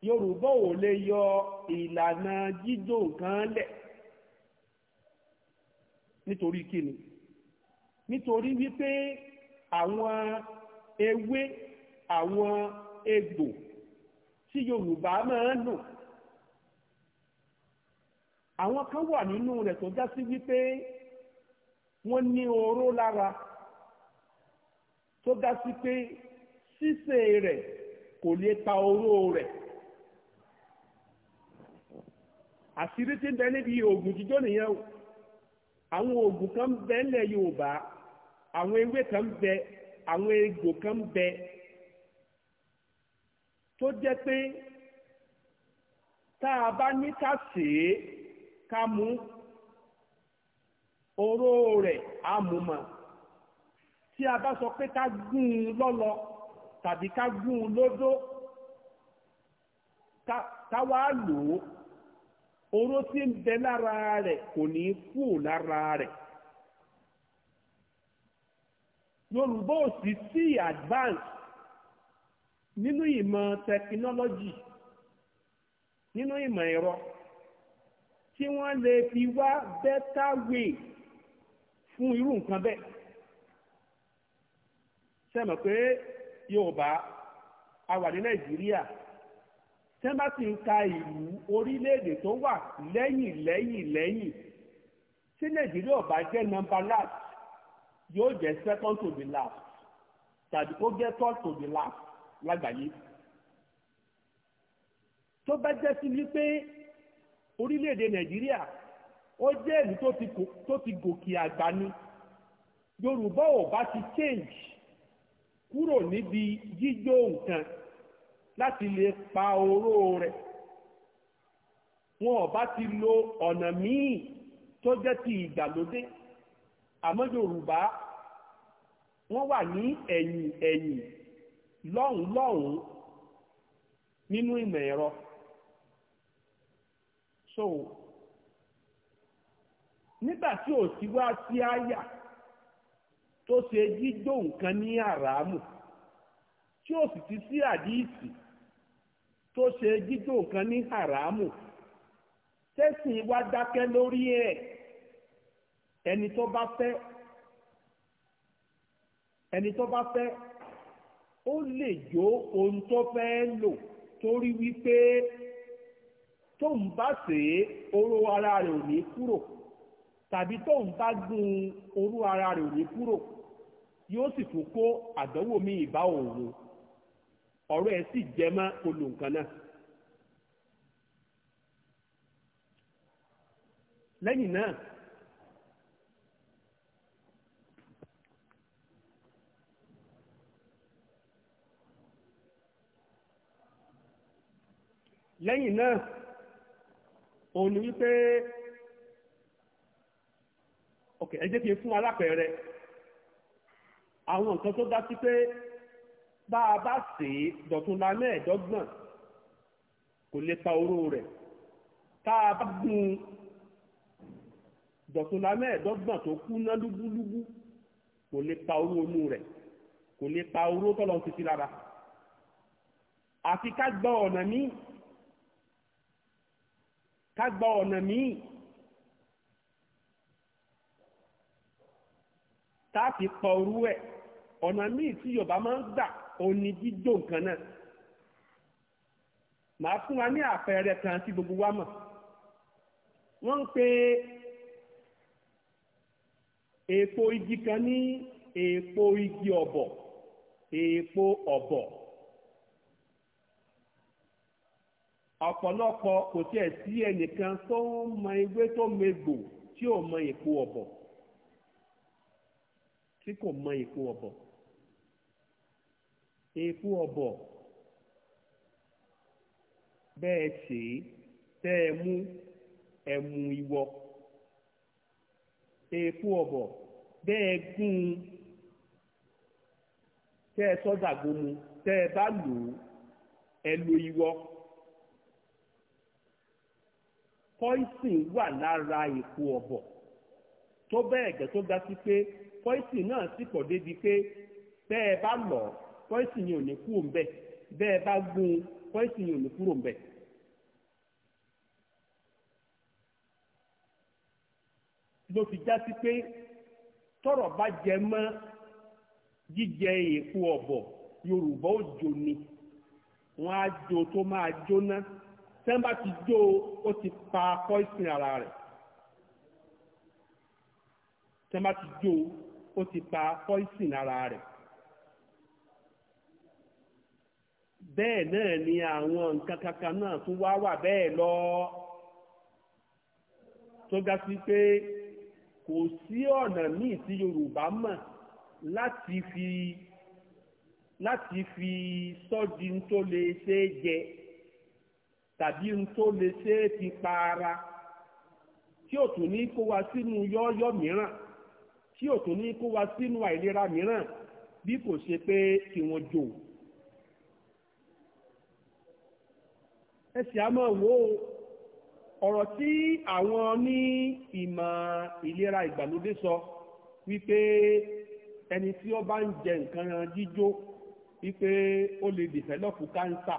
yorùbá ò lè yọ ìlànà jíjó nǹkan lẹ̀ nítorí kíni nítorí wípé àwọn ewé àwọn egbò tí yorùbá máa ń lò àwọn kan wà nínú rẹ̀ tó já sí wípé wọ́n ní oró lára. tó ga sí pé ṣíṣe re kò lè ta oró rẹ̀ àṣírí tí ń bẹ níbi oògùn jíjó nìyẹn àwọn oògùn kan ń bẹ ńlẹ̀ Yorùbá àwọn ewé kan bẹ àwọn egbò kan bẹ tó jẹ́ pé tá a bá ní ká sè é ká mú oró á mú tí a bá sọ pé ká gún lọ́lọ tàbí ká gún lódó ká wá lò oró tí ń bẹ lára rẹ̀ kò ní kú lára rẹ̀ yorùbá ò sì sí advance nínú ìmọ̀ tẹkinọ́lọ́jì nínú ìmọ̀ ẹ̀rọ tí wọ́n lè fi wá better way fún irú nǹkan bẹ́ẹ̀ sẹ́mọ̀ pé Yorùbá a wà ní Nàìjíríà tẹ́mbà sì ń ka ìlú orílẹ̀-èdè tó wà lẹ́yìn lẹ́yìn lẹ́yìn tí Nàìjíríà ò bá jẹ́ nọ́mbà last yóò jẹ́ second to the last tàbí kó jẹ́ third to the last lágbàáyé tó bá jẹ́ sí wípé orílẹ̀-èdè Nàìjíríà ó jẹ́ ìlú tó ti gòkè àgbà ni Yorùbá ò bá ti change kúrò níbi jíjó nǹkan láti lè pa oró rẹ̀ wọn ò bá ti lo ọ̀nà míì tó jẹ́ ti ìgbàlódé àmọ́ Yorùbá wọ́n wà ní ẹ̀yìn ẹ̀yìn lọ́hùn lọ́hùn nínú ìmọ̀ ẹ̀rọ so nígbà tí ò sí wá sí àyà. Si tó ṣe jíjó nǹkan ní àràmù tí ó sì ti sí àdíìsì tó ṣe jíjó nǹkan ní àràmù tẹ́sìn wá dákẹ́ lórí ẹ̀ ẹni tó bá fẹ́ ẹni tó bá fẹ́ ó lè jó ohun tó fẹ́ lò torí wípé bá ara rẹ̀ ò ní kúrò tàbí bá oró ara rẹ̀ ò ní yóò sì tún kó àdánwò mi ìbá òun ọ̀rọ̀ ẹ̀ sì jẹ mọ́ olùǹkan náà. lẹ́yìn náà lẹ́yìn náà òun ni wípé ok ẹ jẹ́ kí n fún àwọn nǹkan tó dá sí pé bá a bá sè é dọ̀túnla mẹ́ẹ̀ẹ́dọ́gbọ̀n kò lè pa oró rẹ̀ tá a bá gún un dọ̀túnla mẹ́ẹ̀ẹ́dọ́gbọ̀n tó kú ná lúgbúlúgbú kò lè pa oró inú rẹ̀ kò lè pa oró tọ́lọ́ títí lára àfi ká gba ọ̀nà míì ká gba ọ̀nà míì tá a fi pa orú ẹ̀. ọ̀nà míì tí yorùbá máa ń gbà òní jíjó nǹkan náà màá fún wa ní àpẹẹrẹ kan tí gbogbo wa mọ̀ wọ́n ń pe èèpo kan ní èèpo igi ọ̀bọ̀ èèpo ọ̀bọ̀ ọ̀pọ̀lọpọ̀ kò tiẹ̀ sí ẹnìkan tó ń mọ ewé tó ti tí ò mọ èèpo ọ̀bọ̀ tí èèfù ọ̀bọ̀ bẹ́ẹ̀ ṣe tẹ́ ẹ mú ẹ̀mú ìwọ èèfù ọ̀bọ̀ bẹ́ẹ̀ gún un tẹ́ ẹ sọ́dà gbómu tẹ́ ẹ bá lò ó ẹ lo ìwọ. poison wà lára èèfù ọ̀bọ̀ tó bẹ́ẹ̀ gẹ́ tó ga sí pé poison náà sì pọ̀ débi pé tẹ́ bá lọ̀ pọ́ìsì yìí ò ní kúrò ń bẹ̀ bẹ́ẹ̀ bá gún pọ́ìsì yìí ò ní kúrò ń bẹ̀. ló fi já sí pé tọ́rọ̀ bá jẹ mọ́ jíjẹ èèpo ọ̀bọ̀ yorùbá ò jò ni wọ́n á jò tó máa jóná tẹ́ń bá ti jó ó ti pa pọ́ìsìn ara rẹ̀ tẹ́ń ti jó ó ti pa pọ́ìsìn ara rẹ̀. bẹ́ẹ̀ náà ni àwọn nǹkan kankan náà tún wá wà bẹ́ẹ̀ lọ tó ga sí pé kò sí ọ̀nà míì tí Yorùbá mọ̀ láti fi láti fi sọ́di ń tó lè ṣe é jẹ tàbí ń tó lè ṣe é fi pa ara tí ò tún ní kó wa sínú yọ́ọ́yọ́ mìíràn tí ò tún ní kó wa sínú àìlera mìíràn bí kò ṣe pé kí wọ́n jò ó. ẹsì àmọ́ wo ọ̀rọ̀ tí àwọn ní ìmọ̀ ìlera ìgbàlódé sọ wípé ẹni tí ó bá ń jẹ nǹkan jíjó wípé ó lè dìfẹ́lọ́pù káńsà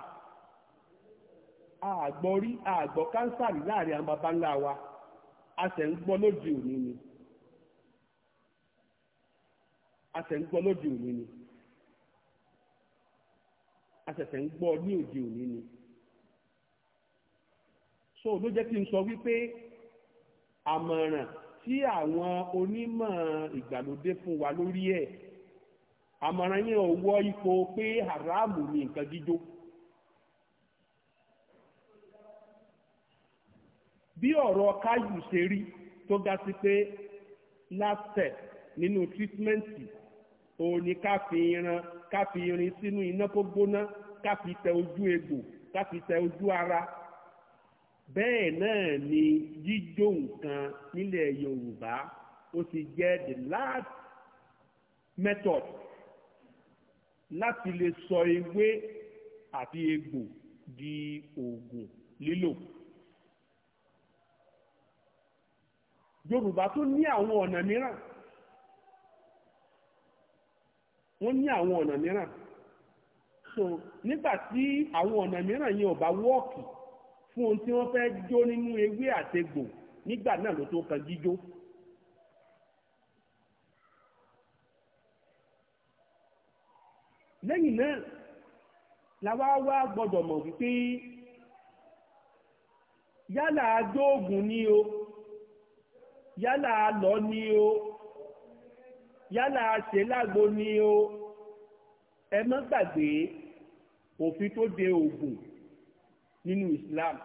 àgbọ̀ rí àgbọ̀ káńsà rí láàrin àwọn baba ńlá wa a sì ń gbọ́ lóde òní ni a sì ń gbọ́ lóde òní ni a sì ń gbọ́ ní òde òní ni so ló jẹ́ kí n sọ wípé àmọ̀ràn tí àwọn onímọ̀ ìgbàlódé fún wa lórí ẹ̀ àmọ̀ràn yẹn ò ipò pé haramu ni nǹkan jíjó. bí ọ̀rọ̀ káyù ṣe rí tó ga sí pé last step nínú tírítímẹ́ǹtì òun ni ká fi irin ká fi irin sínú iná tó gbóná ká fi tẹ ojú egbò ká fi tẹ ojú ara bẹ́ẹ̀ náà ni jíjó nǹkan nílẹ̀ yorùbá ó ti jẹ́ the last method láti lè sọ ewé àti egbò di oògùn lílò. yorùbá tó ní àwọn ọ̀nà mìíràn wọ́n ní àwọn ọ̀nà mìíràn so nígbà tí àwọn ọ̀nà mìíràn yẹn ò bá wọ́ọ̀kì fún ohun tí wọ́n fẹ́ jó nínú ewé àtegbò nígbà náà ló tó kan jíjó. lẹ́yìn náà làwa wá gbọ́dọ̀ mọ̀ wípé yálà adóògùn ni o yálà alọ́ ni o yálà aṣèlágbo ni o ẹ má gbàgbé òfin tó de oògùn nínú Islam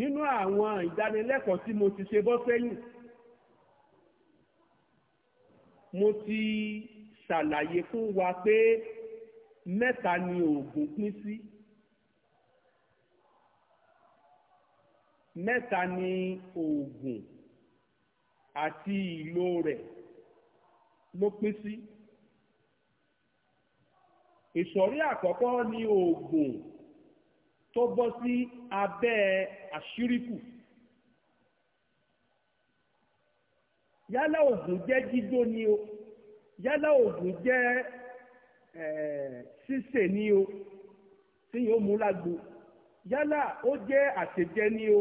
nínú àwọn ìdánilẹ́kọ̀ọ́ tí mo ti ṣe bọ́ sẹ́yìn mo ti ṣàlàyé fún wa pé mẹ́ta ni oògùn pín sí mẹ́ta ni oògùn àti ìlò rẹ̀ ló pín sí ìsọ̀rí àkọ́kọ́ ni oògùn tó bọ́ sí abẹ́ àṣíríkù yálà ògùn jẹ́ jíjó ni o yálà ògùn jẹ́ ṣíṣe ni o tí yóò mú lágbo yálà ó jẹ́ àṣejẹ ni o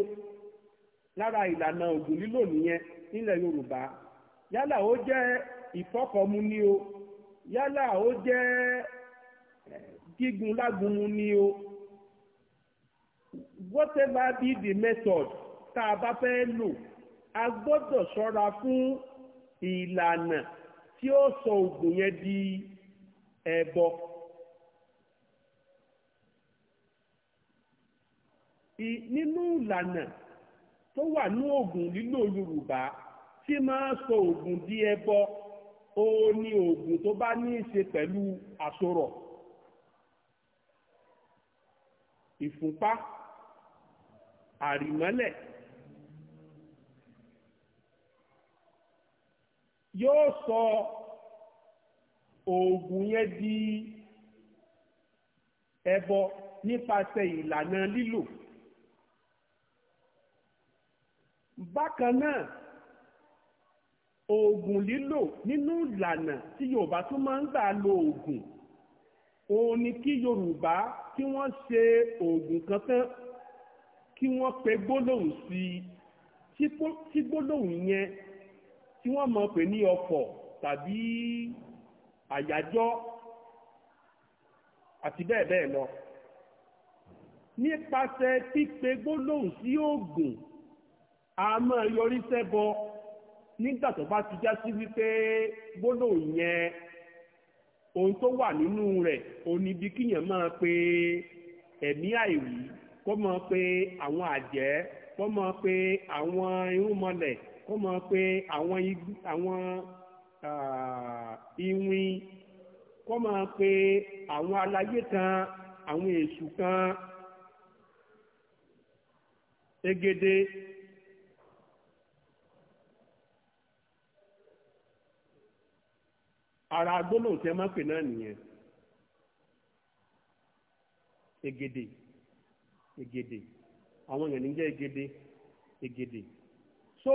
lára ìlànà ògùn lílò nìyẹn nílẹ̀ Yorùbá yálà ó jẹ́ ìfọ́kọ̀mu ni o yálà ó jẹ́ gígun lágùnmu ni o whatever be the method tá a bá fẹ́ lò a gbọ́dọ̀ ṣọ́ra fún ìlànà tí ó sọ ògùn yẹn di ẹbọ. nínú ìlànà tó wà ní ògùn lílò Yorùbá tí máa sọ ògùn di ẹbọ ó ní ògùn tó bá ní í ṣe pẹ̀lú àsorọ̀ ìfúnpá. E àrìmọ́lẹ̀ yóò sọ oògùn yẹn di ẹbọ nípasẹ̀ ìlànà lílò bákan náà oògùn lílò nínú ìlànà tí Yorùbá tún máa ń gbà lo oògùn òun ni kí Yorùbá kí wọ́n ṣe oògùn kan kí wọ́n pe gbólóhùn sí i tí gbólóhùn yẹn tí wọ́n mọ̀ pé ní ọkọ̀ tàbí àyájọ́ àti bẹ́ẹ̀ bẹ́ẹ̀ lọ nípasẹ̀ pípe gbólóhùn sí oògùn a máa yọrí sẹ́bọ nígbà tó bá ti já sí wípé gbólóhùn yẹn ohun tó wà nínú rẹ̀ òní bí kíyàn máa pe ẹ̀mí àìrí kó mọ̀ pé àwọn àjẹ́ kó mọ̀ pé àwọn irúnmọlẹ̀ kó mọ̀ pé àwọn iwin kó mọ̀ pé àwọn aláyé kan àwọn èṣù kan egede ara gbólóhùn tẹ́ máa pè náà nìyẹn egede ègèdè àwọn èèyàn ní jẹ́ ègèdè so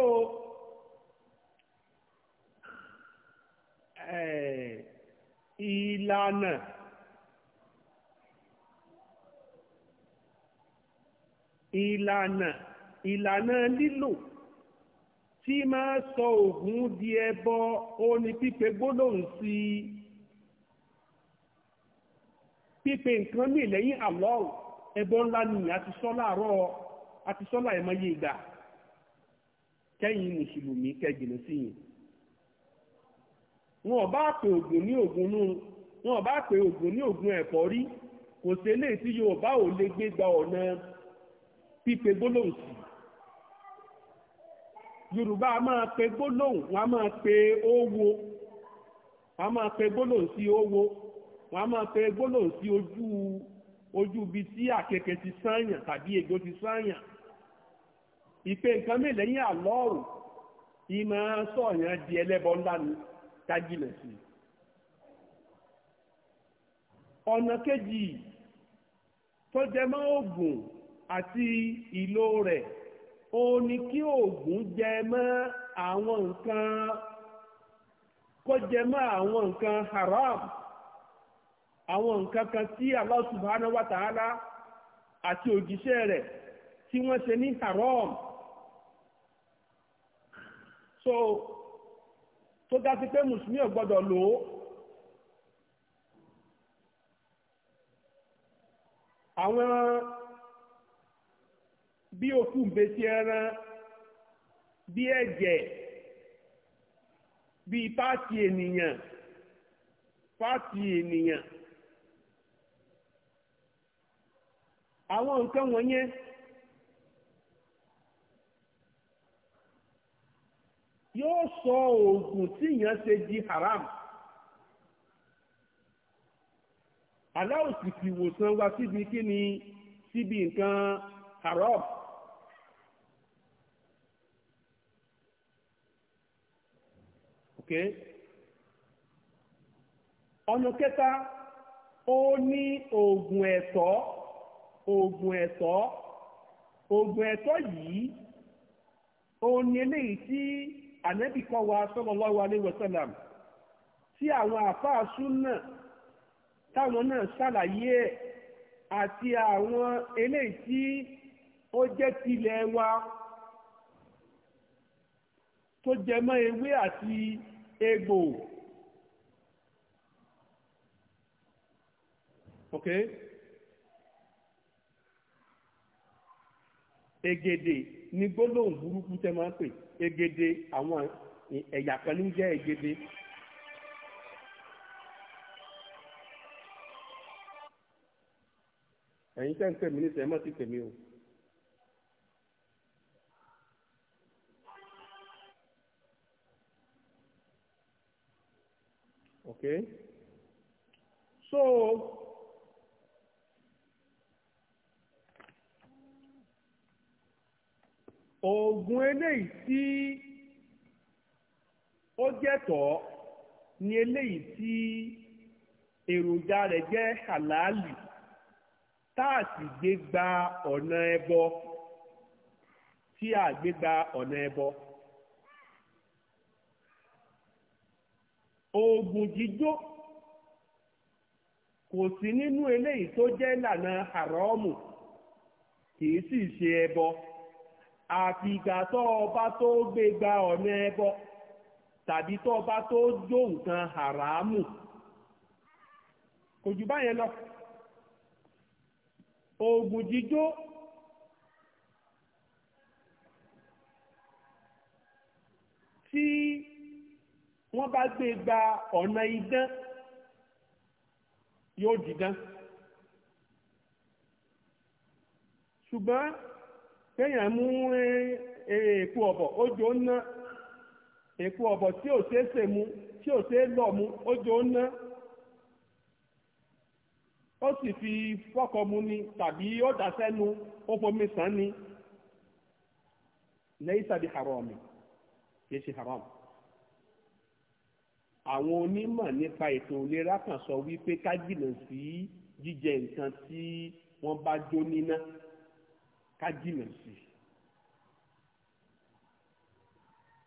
ìlànà ìlànà ìlànà lílò tí máa sọ ògùn di ẹbọ ó ní pípe gbólóhùn sí pípe nǹkan mì lẹ́yìn Allah ẹbọ ńlá ni àti sọ́lá àárọ̀ àti sọ́lá ẹ̀mọye ìgbà kẹ́yìn mùsùlùmí kẹjìnà sí yìí wọn ò bá pè ògùn ní ògùn nù wọn ò bá pè ògùn ní ògùn ẹ̀fọ́ rí kò sí eléyìí tí yorùbá ò lè gbé gba ọ̀nà pípe gbólóhùn sí yorùbá a máa pe gbólóhùn wọn a máa pe owó wọn a máa pe gbólóhùn sí owó wọn a máa pe gbólóhùn sí ojú ojú ibi tí àkekèé ti sáyàn tàbí ègbò ti sáyàn ìpè nǹkan mi lẹ́yìn ìmọ̀ sọ̀yàn di ẹlẹ́bọ ńlá ni kájìnà sí i ọ̀nà kejì tó jẹ mọ́ oògùn àti ìlò rẹ̀ ó ní kí oògùn jẹ mọ́ àwọn nǹkan kó jẹ mọ́ àwọn nǹkan haram àwọn nǹkan kan tí Allah subhanahu wa ta'ala àti òjíṣẹ́ rẹ̀ tí wọ́n ṣe ní haram so tó dá sí pé mùsùlùmí ò gbọ́dọ̀ àwọn bí òkú ìbésí ẹran bí ẹ̀jẹ̀ bí pààtì ènìyàn pààtì ènìyàn àwọn nǹkan wọ̀nyẹn yóò sọ oògùn tí èèyàn ṣe di haram aláòsìkì ìwòsàn wa síbi kí ni síbi nǹkan haram. okay ọ̀nà kẹta ó ní oògùn ẹ̀tọ́. E ogun ẹ̀tọ́ ogun ẹ̀tọ́ yìí òun ni eléyìí tí ànẹ́bì kọ́ wa sallallahu alaihi tí àwọn àfáà náà, táwọn náà ṣàlàyé ẹ̀ àti àwọn eléyìí tí ó jẹ́ tilẹ̀ wa tó jẹ mọ́ ewé àti egbò. Okay? egede ni gbólóhùn burúkú tẹ́ máa ń pè egede àwọn ẹ̀yà kan ní jẹ́ egede. ẹ̀yin tẹ́ ń pè mí ní sẹ́mọ́ ti pè mí o. okay so ogun eléyìí tí ó jẹ́tọ̀ ni eléyìí tí èròjà rẹ̀ jẹ́ halali tá a sì gbé gba ọ̀nà ẹbọ tí a gbé gba ọ̀nà ẹbọ. oògùn jíjó kò sí nínú eléyìí tó jẹ́ ìlànà àrọ́ọ̀mù kì í sì ṣe ẹbọ. E àti ìgbà tó ọba tó gbé gba ọ̀nà ẹbọ tàbí tó ọba tó jó nǹkan haramu kò jù báyẹn lọ oògùn jíjó tí wọ́n bá gbé gba ọ̀nà idán yóò dìdán ṣùgbọ́n kéèyàn mú èèpo eh, eh, ọ̀bọ̀ ojú ó ná èèpo ọ̀bọ̀ tí ò ṣeé sè mu tí ò ṣeé lọ̀ mu ojú ó ná ó sì fi fọ́kọ mu ni tàbí ó dà sẹ́nu ó fomi sàn ni lẹ́yìn tàbí haram kì í ṣe haram àwọn onímọ̀ nípa ètò ìlera kan sọ wípé ká jìnnà sí jíjẹ nǹkan tí wọ́n bá jó níná ká jìnà sí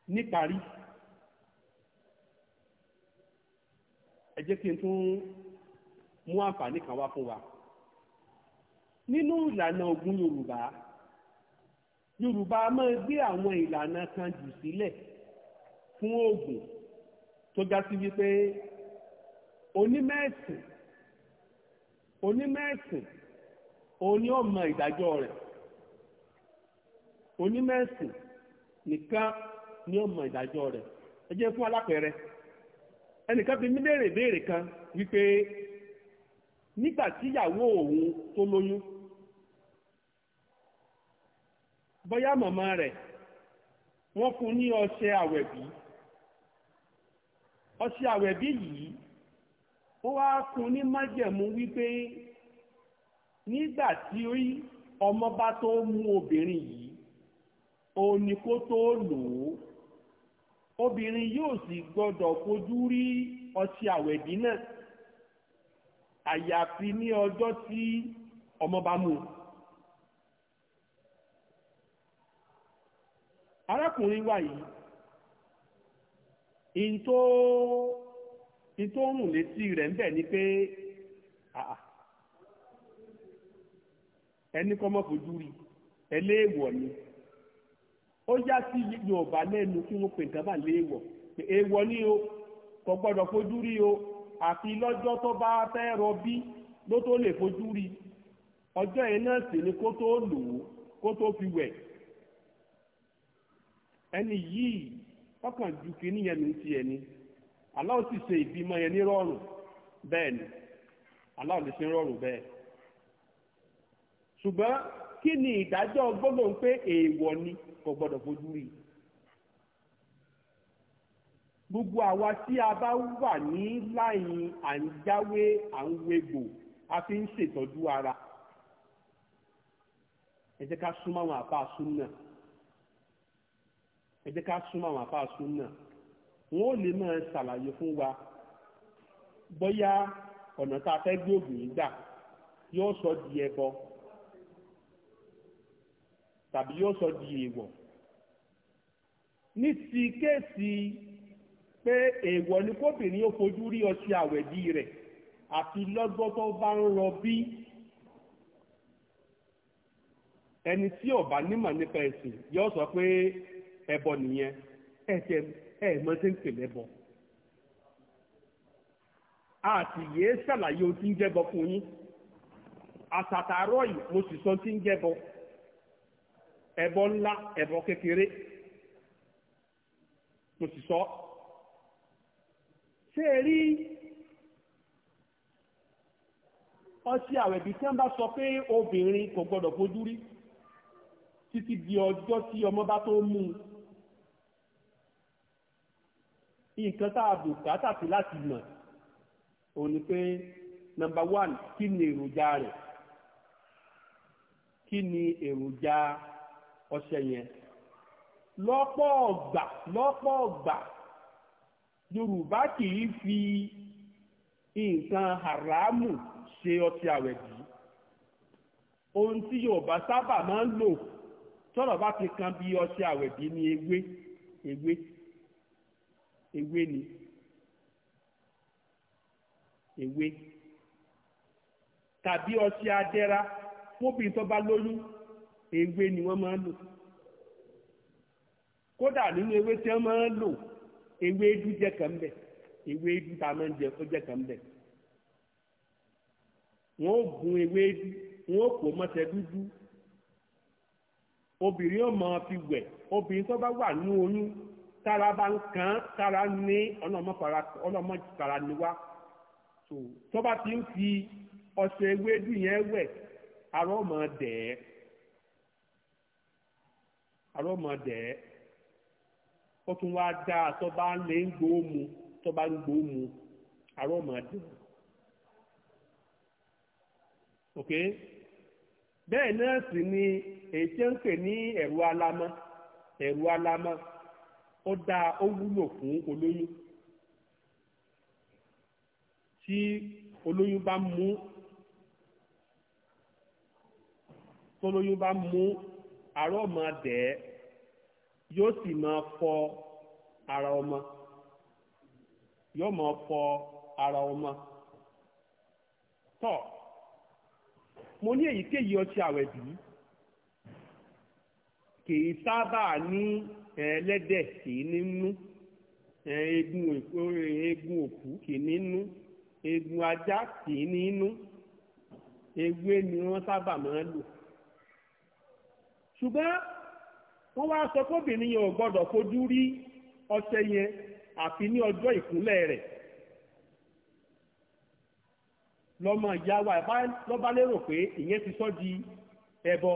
i níparí ẹ jẹ́ kí n tún mú àǹfààní kan wá fún wa nínú ìlànà ogun yorùbá yorùbá máa gbé àwọn ìlànà kan jù sílẹ̀ fún oògùn tó já sí wípé onímẹ̀sìn onímẹ̀sìn òun ni ó mọ ìdájọ́ rẹ̀ onímọ̀ nìkan ni ó mọ ìdájọ́ rẹ̀ ẹ jẹ́ fún alápẹ̀rẹ̀ ẹnìkan fi mí béèrè kan wípé nígbà tí ìyàwó òun tó lóyún bóyá màmá rẹ̀ wọ́n fún ní ọṣẹ àwẹ̀bí ọṣẹ àwẹ̀bí yìí ó wá fún ní májẹ̀mú wípé nígbà tí onikoto ni kó tó lò ó obìnrin yóò sì gbọdọ̀ fojú rí ọtí àwẹ̀dí náà àyàfi ní ọjọ́ tí ọmọ bá mú un. arákùnrin wa yìí rùn ó yá sí yorùbá lẹ́nu kí wọ́n pè nǹkan bá léèwọ̀ pé èèwọ̀ ni o kò gbọ́dọ̀ fojú rí o àfi lọ́jọ́ tó bá fẹ́ rọbí ló tó lè fojú rí ọjọ́ yẹn náà sì ni kó tó lò ó kó tó fi wẹ̀ ẹni yìí ọkàn ju kínní yẹn ní tiẹ̀ ni aláwọ̀ sì ṣe ìbímọ yẹn ní rọrùn bẹ́ẹ̀ ni aláwọ̀ lè ṣe rọrùn bẹ́ẹ̀ ṣùgbọ́n kí ni ìdájọ́ gbọ́dọ̀ ń pé èèwọ̀ ni. kò gbọ́dọ̀ gbogbo àwa tí a bá wà ní láyìn à ń jáwé a fi ń ṣètọ́jú ara ẹ jẹ́ ká súnmọ́ àwọn àpá súnà ẹ jẹ́ ká súnmọ́ fún wa bóyá ọ̀nà tá a fẹ́ gbé gbà yóò sọ di ẹbọ tàbí yóò sọ di èèwọ̀ ní ti kéèsì pé èèwọ̀ ni kóbìnrin ó fojú rí ọtí àwẹ̀dí rẹ̀ àti lọ́gbọ́ tó bá ń rọ bí ẹni tí ò bá nímọ̀ nípa ẹ̀sìn yóò sọ pé ẹbọ nìyẹn ẹ̀jẹ̀ ẹ̀mọ́ tí ń pèlè bọ̀ àti yéé ṣàlàyé ohun tí ń jẹ́bọ fún yín àtàtàárọ̀ yìí mo sì sọ tí ń jẹ́bọ ẹbọ ńlá ẹbọ kékeré mo sì sọ ṣé ẹ rí ọtí àwẹ̀bí tí wọ́n bá sọ pé obìnrin kò gbọ́dọ̀ fojú rí títí di ọjọ́ tí ọmọ bá tó mú un nǹkan tá a bùkátà sí láti mọ̀ òun ni pé nọ́mbà one kí ni èròjà rẹ̀ kí ni èròjà rẹ̀ ọṣẹ yẹn lọ́pọ̀ ọ̀gbà lọ́pọ̀ ọ̀gbà Yorùbá kì í fi nǹkan haramu ṣe ọtí àwẹ̀dì ohun tí Yorùbá sábà máa ń lò tọ́rọ̀ bá ti kan bí ọtí àwẹ̀dì ni ewé ewé ewé ni ewé tàbí ọtí adẹ́ra fóbi tó bá lóyún ewé ni wọ́n máa ń lò kódà nínú ewé tí wọ́n máa ń lò ewé edu jẹ́ kan bẹ̀ ewé edu tá a máa ń jẹ ó jẹ́ kan bẹ̀ wọ́n ó gun ewé edu wọ́n ó kó mọ́tẹ dúdú obìnrin ó máa fi wẹ̀ obìnrin tó bá wà nínú oyún tára bá ń kàn án tára ní ni wá tó bá ti ń fi yẹn wẹ̀ arọ́ àrọ́mọdé ó tún wá dáa tó bá lè ń gbóó mu tó bá ń gbóó mu àrọ́mọdé ok bẹ́ẹ̀ náà sì ni èyí ń pè ní ẹ̀rù alamọ́ ẹ̀rù alamọ́ ó ó wúlò fún olóyún tí olóyún bá mú tolóyún bá mú yóò sì máa fọ ara ọmọ yóò máa fọ ara ọmọ tọ mo ní èyíkéyìí ọtí kì í sábà ní ẹlẹ́dẹ̀ kìí nínú eegun òkú í nínú eegun ajá í nínú ewé ni wọ́n sábà máa lò ṣùgbọ́n wọ́n wá sọ kóbìnrin yẹn ò gbọ́dọ̀ fojú rí ọṣẹ yẹn àfi ní ọjọ́ ìkúnlẹ̀ rẹ̀ lọ́mọ ìyá wa lọ́ba lérò pé ìyẹn ti sọ di ẹbọ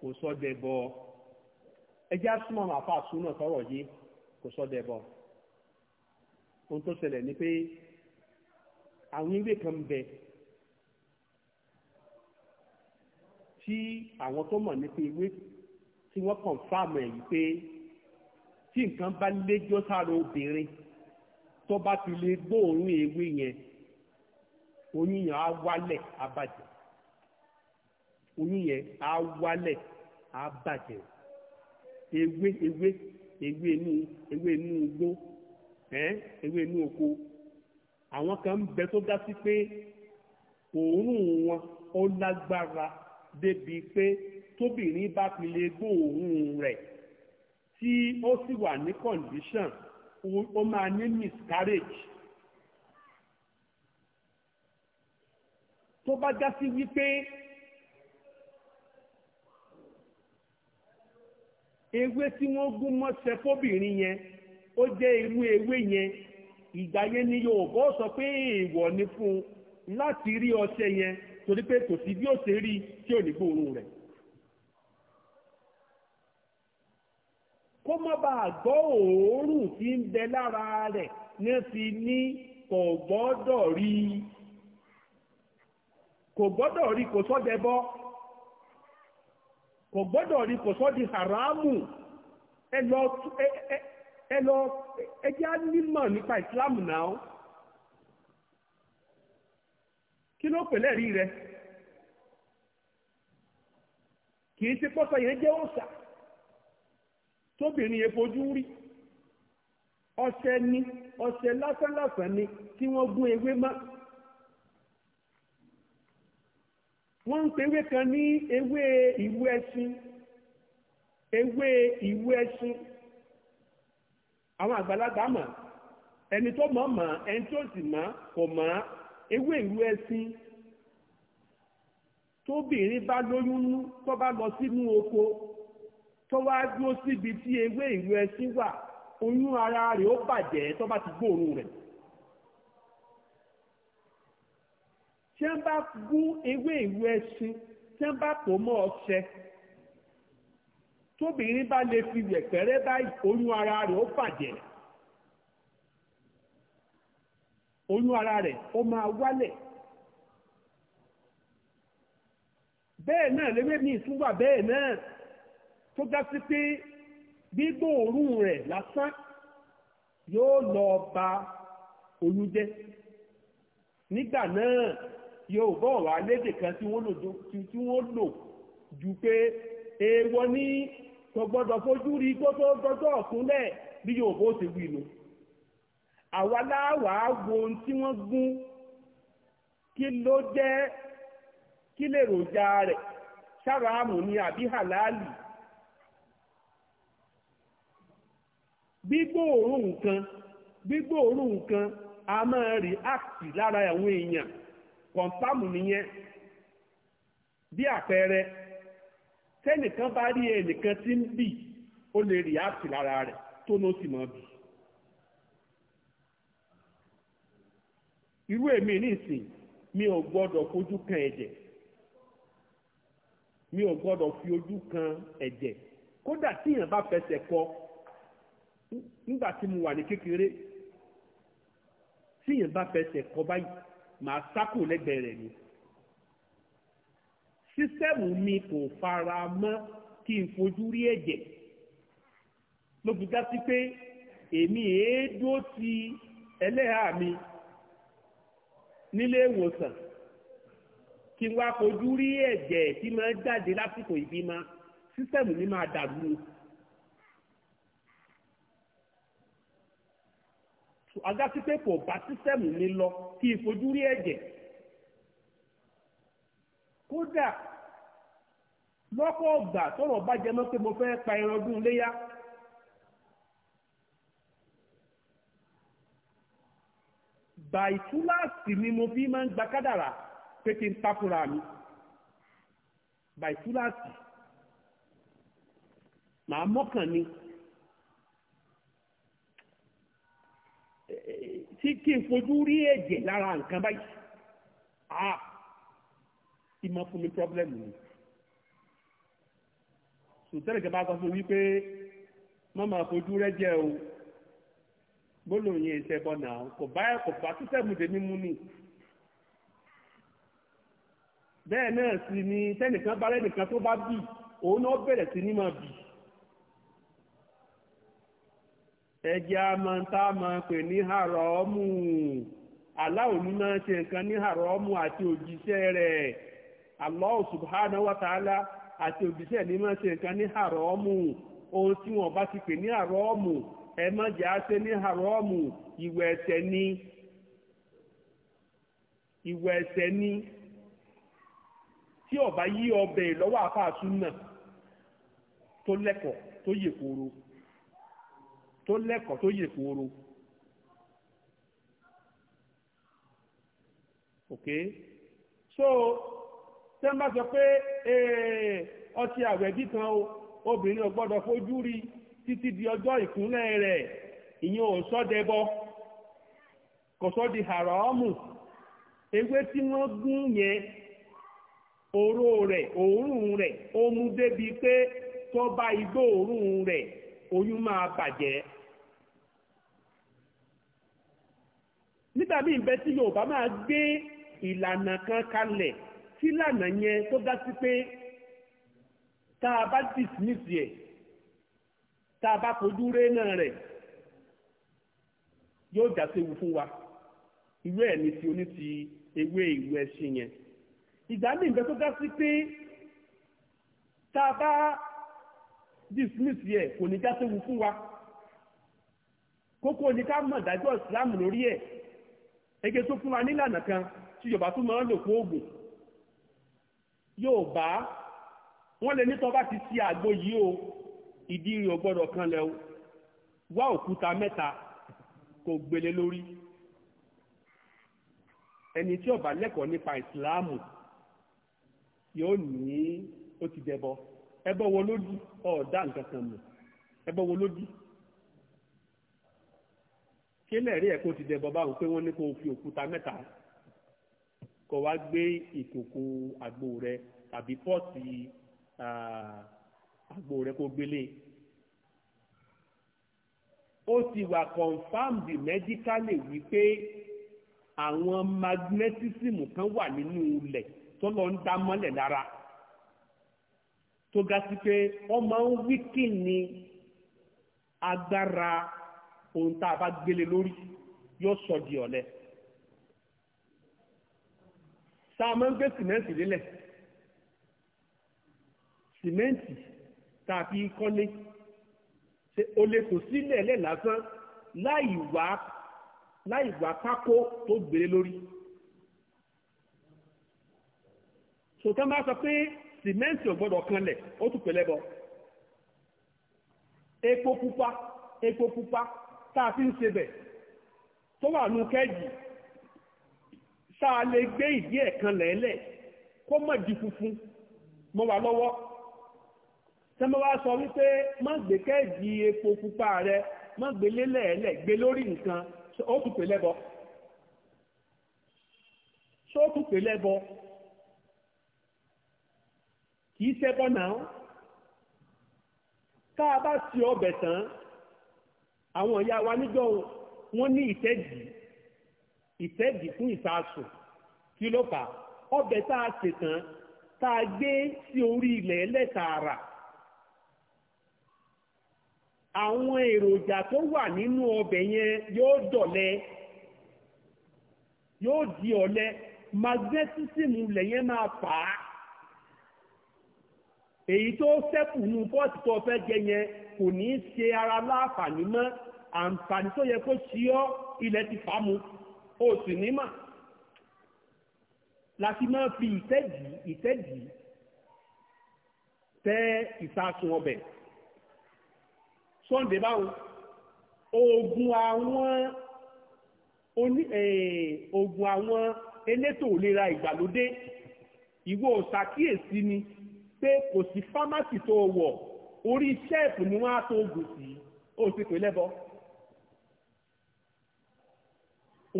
kò sọ dẹbọ ẹjẹ́ àsúnmọ́ àfa àsúnà sọ̀rọ̀ yìí kò sọ dẹbọ ohun tó ṣẹlẹ̀ ni pé àwọn ewé kan bẹ tí àwọn tó mọ̀ nípa ewé tí wọ́n kọ̀nfàmù ẹ̀ yìí pé tí nǹkan bá léjọ́ sára obìnrin tó bá ti lè gbóòórùn ewé yẹn oyún yẹn á wálẹ̀ á bàjẹ́ oyún yẹn á wálẹ̀ á bàjẹ́ ewé ewé ewé inú ewé inú igbó ewé inú oko àwọn kan ń bẹ tó dá sí pé òórùn wọn ó lágbára débi pé tóbìnrin bá fi lè gbóòórùn rẹ̀ tí ó sì wà ní condition ó máa ní miscarriage. tó bá já sí wípé ewé tí wọ́n gún mọ́ṣẹ́ fóbìnrin yẹn ó jẹ́ irú ewé yẹn ìgbà yẹn ni Yorùbá sọ pé èèwọ̀ ni fún un láti rí ọṣẹ yẹn torí pé kò sí bí ó ṣe rí tí ò ní gbóòórùn rẹ̀. kó má bàa gbọ́ òórùn tí ń bẹ lára rẹ̀ ní fi ní kò gbọ́dọ̀ rí kò gbọ́dọ̀ rí kò sọ́dẹ̀ bọ́ kò gbọ́dọ̀ rí kò sọ́dí haramu ẹ lọ ẹ lọ ẹ jẹ́ nímọ̀ nípa ìsìlámù náà kí ló pè lẹ́rìí rẹ̀ kì í ṣe pọ́sọ yẹn jẹ́ òòṣà tóbìnrin yẹn fojú rí ọṣẹ ni ọṣẹ lásánlásán ni tí wọ́n gún ewé mọ́ wọ́n ń pe ewé kan ní ewé ìwé ẹṣin ewé ìwé ẹṣin àwọn àgbàlagbà mọ̀ ẹni tó mọ̀ mọ̀ ẹni tó sì mọ̀ kò mọ̀ ewé ìwé ẹṣin tóbìnrin bá lóyún nú tó bá lọ sínú oko tọwa wá síbi tí ewé ìlú ẹṣin wà oyún ara rẹ̀ ó bàjẹ́ tó bá ti gbóòórùn rẹ̀. tí wọ́n bá gún ewé ìlú ẹṣin tí wọ́n bá pò mọ́ ọṣẹ tóbìnrin bá lè fi yẹ̀pẹ̀rẹ́ báyìí oyún ara rẹ̀ ó bàjẹ́ ara rẹ̀ ó máa tó dá sí pé gbígbóòórùn rẹ̀ lásán yóò lọ ba oyún jẹ́ nígbà náà yóò bọ̀ wá lédè kan tí wọ́n lò ju pé èèwọ̀ ní kò gbọ́dọ̀ fojú rí kó tó dọ́jọ́ ọ̀kúnlẹ̀ bí yóò bó ti wí nu àwa láwàá wo ohun tí wọ́n gún kí ló jẹ́ kí lèròjà rẹ̀ ṣáàràmù ni àbí hàlálì gbígbóòórùn nǹkan gbígbóòórùn nǹkan a máa react lára àwọn èèyàn kọ̀ǹpáàmù nìyẹn bí àpẹẹrẹ tẹ́nìkan bá rí ẹnìkan tí ń bì ó lè react lára rẹ̀ tó ló sì mọ̀ bì. irú èmi nísìn mi ò gbọ́dọ̀ fojú kan ẹ̀jẹ̀ mi ò gbọ́dọ̀ fi ojú kan ẹ̀jẹ̀ kódà tíyàn bá fẹsẹ̀ kọ nígbà tí mo wà ní kékeré tí èèyàn bá fẹsẹ̀ kọ báyìí màá sákò lẹ́gbẹ̀ẹ́ rẹ̀ ni sísẹ́mù mi kò fara mọ́ kí n fojú rí ẹ̀jẹ̀ ló fi já sí pé èmi èédó ti ẹlẹ́hàá mi nílé ìwòsàn kí n wá fojú rí ẹ̀jẹ̀ tí máa ń jáde lásìkò ìbímọ sísẹ́mù mi máa dàrú ni. agasi pé kò bá sísẹ́mù mi lọ kí ìfojú rí ẹ̀jẹ̀ kódà lọ́pọ̀ ọgbà tọrọ bá jẹ mọ́ pé mo fẹ́ pa ẹran ọdún léyà bàìtúláàsì ni mo fi máa ń gba kádàrà pé kí n takura mi bàìtúláàsì màá mọ́kàn ni. fojú rí ẹ̀jẹ̀ lára nǹkan báyìí a ìmọ̀ fún mi pọ́blẹ́mù ni sòtẹ́lẹ̀ kẹfà sọ fún wípé mọ́mọ́ fojú rẹ̀ o gbólóhùn yẹn ṣe náà kò bá kò bá sísẹ́mù tèmi mú ni bẹ́ẹ̀ náà sì ni tẹ́nìkan bá rẹ́nìkan tó bá bì òun náà bẹ̀rẹ̀ sí ní máa bì ẹjẹ́ àmọ́ tá a máa pè ní haramu aláwo ní máa ṣe nǹkan ní haramu àti òjíṣẹ́ ati Allah subhanahu wa àti máa ṣe nǹkan ní ohun tí wọ́n bá ti pè ní haramu ẹ má ni ìwẹ̀ ẹ̀ṣẹ̀ ni tí ó yí ọbẹ̀ lọ́wọ́ àfáàsùn tó lẹ́kọ̀ọ́ tó yè kóró ok so tẹ́ ń bá sọ pé ọtí àwẹ̀bí kan o obìnrin ò gbọ́dọ̀ fojú rí títí di ọjọ́ ìkúnlẹ̀ rẹ̀ ìyẹn ò sọ́dẹ̀bọ kò sọ́ di hàrámù ewé tí wọ́n gún yẹn oró rẹ̀ òórùn rẹ̀ ó mú débi pé tó bá igbó òórùn rẹ̀ oyún máa bàjẹ́ nígbà míì bẹ tí Yorùbá máa gbé ìlànà kan kalẹ̀ tí ìlànà yẹn tó dá sí pé tá a bá dismiss yẹ tá a bá fojú rẹ́ náà rẹ̀ yóò já séwu fún wa ìwé ẹ̀ ní ti oní ti ewé ìwé ẹṣin yẹn ìgbà míì tó dá sí pé tá a bá dismiss yẹ kò ní já séwu fún wa kókó ni ká mọ̀ dájọ́ ìsìlámù lórí ẹ̀ ege tó fún wa nílànà kan tí yorùbá tún máa ń lò fún oògùn yorùbá wọ́n lè ní tó bá ti ṣe àgbo yìí o ìdí rẹ̀ ò gbọ́dọ̀ kan lẹ̀ o wá òkúta mẹ́ta kò gbélé lórí ẹni tí ó bá lẹ́kọ̀ọ́ nípa ìsìláàmù yóò ní ó ti dẹbọ ẹbọ wo ló nǹkan kan mọ̀ ẹbọ wo kí lẹ́ẹ̀rí ẹ̀ kó ti dẹ̀ bọ́bá wípé wọ́n ní kó o fi òkúta mẹ́ta kó wá gbé ìkòkò àgbo rẹ tàbí pọ́ọ̀tì àgbo rẹ kó gbélé ó ti wà confirmed medically wípé àwọn magnetism kan wà nínú ilẹ̀ tó lọ ń dá mọ́lẹ̀ lára tó ga sí pé wọ́n wíkì ní agbára ohun tá a bá gbélé lórí yóò sọ di ọ̀lẹ sáà máa ń gbé sìmẹ́ǹtì lélẹ̀ sìmẹ́ǹtì tá a fi kọ́lé o lè tò sílẹ̀ lẹ̀ lásán láì wá láì wá pákó tó gbélé lórí sòtán bá sọ pé sìmẹ́ǹtì ò gbọ́dọ̀ kanlẹ̀ ó tún pẹ̀lẹ́ bọ epo pupa epo pupa táa fi ń se bẹ̀ tó wà nù kẹ́ẹ̀jì sáà lè gbé ìdí ẹ̀ kan lẹ́ẹ̀lẹ̀ kó mọ̀ di funfun mo wà lọ́wọ́ tẹ́ mo wá sọ wípé má gbé kẹ́ẹ̀jì epo pupa rẹ má gbé lélẹ̀ẹ́lẹ̀ gbé lórí nǹkan ó tún pè lẹ́bọ tó tún pè lẹ́bọ kì í ṣẹbọ náà tá a bá ti ọbẹ̀ tán àwọn ìyá wa níjọ́ wọn ní ìtẹ́jì ìtẹ́jì fún ìsásùn kí ló fà ọbẹ̀ tá a sè tán tá a gbé sí orí ilẹ̀ ẹlẹ́tààrà àwọn èròjà tó wà nínú ọbẹ̀ yẹn yóò dọ̀lẹ́ yóò di ọ̀lẹ magneticism ilẹ̀ máa fà á èyí tó sẹ́kù nù pọ́ọ̀tì tó fẹ́ jẹ yẹn kò ní í ṣe ara láǹfààní mọ́ àǹfààní tó yẹ kó sí ọ ilẹ̀ ti fà mu o sì ní mà láti máa fi ìtẹ́jì ìtẹ́jì tẹ ìsàsùn ọbẹ̀ sunday báwo oògùn àwọn oní eh, oògùn àwọn elétò ìlera ìgbàlódé ìwọ ṣàkíyèsí ni pé kò sí fámásì tó wọ̀ orí ṣẹ́ẹ̀fù ni wọ́n á tó oògùn sí ó sì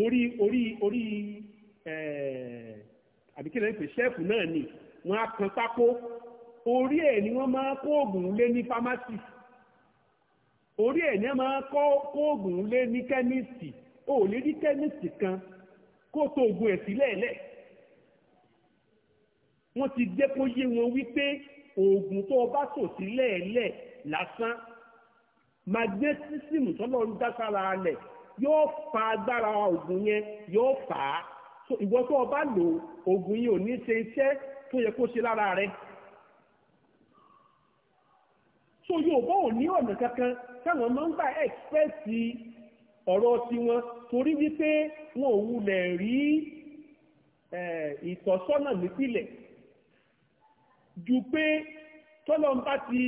orí orí orí àbíkílẹ̀ pé ṣẹ́ẹ̀fù náà ni wọ́n á kan pákó orí ẹ̀ ni wọ́n máa kó oògùn lé ní fámásì orí ẹ̀ ni wọ́n máa kó oògùn lé ní kẹ́míìsì o ò lè rí kẹ́míìsì kan kó tó oògùn ẹ̀ sílẹ̀ lẹ̀ wọ́n ti jẹ́ kó yé wọn wípé oògùn tó bá sò sílẹ̀ lẹ̀ lásán magnetism tọ́lọ́run dá sára lẹ̀ yóò fa agbára oògùn yẹn yóò fà á ìwọ tó o bá lò oògùn yìí ò ní ṣe iṣẹ́ tó yẹ kó ṣe lára rẹ so Yorùbá ò ní ọ̀nà kankan táwọn máa ń gbà ẹ̀kípẹ́sì ọ̀rọ̀ tiwọn torí wípé wọn ò wulẹ̀ rí ìtọ́sọ́nà nípìnlẹ̀ ju pé tọ́lọ́mbá ti.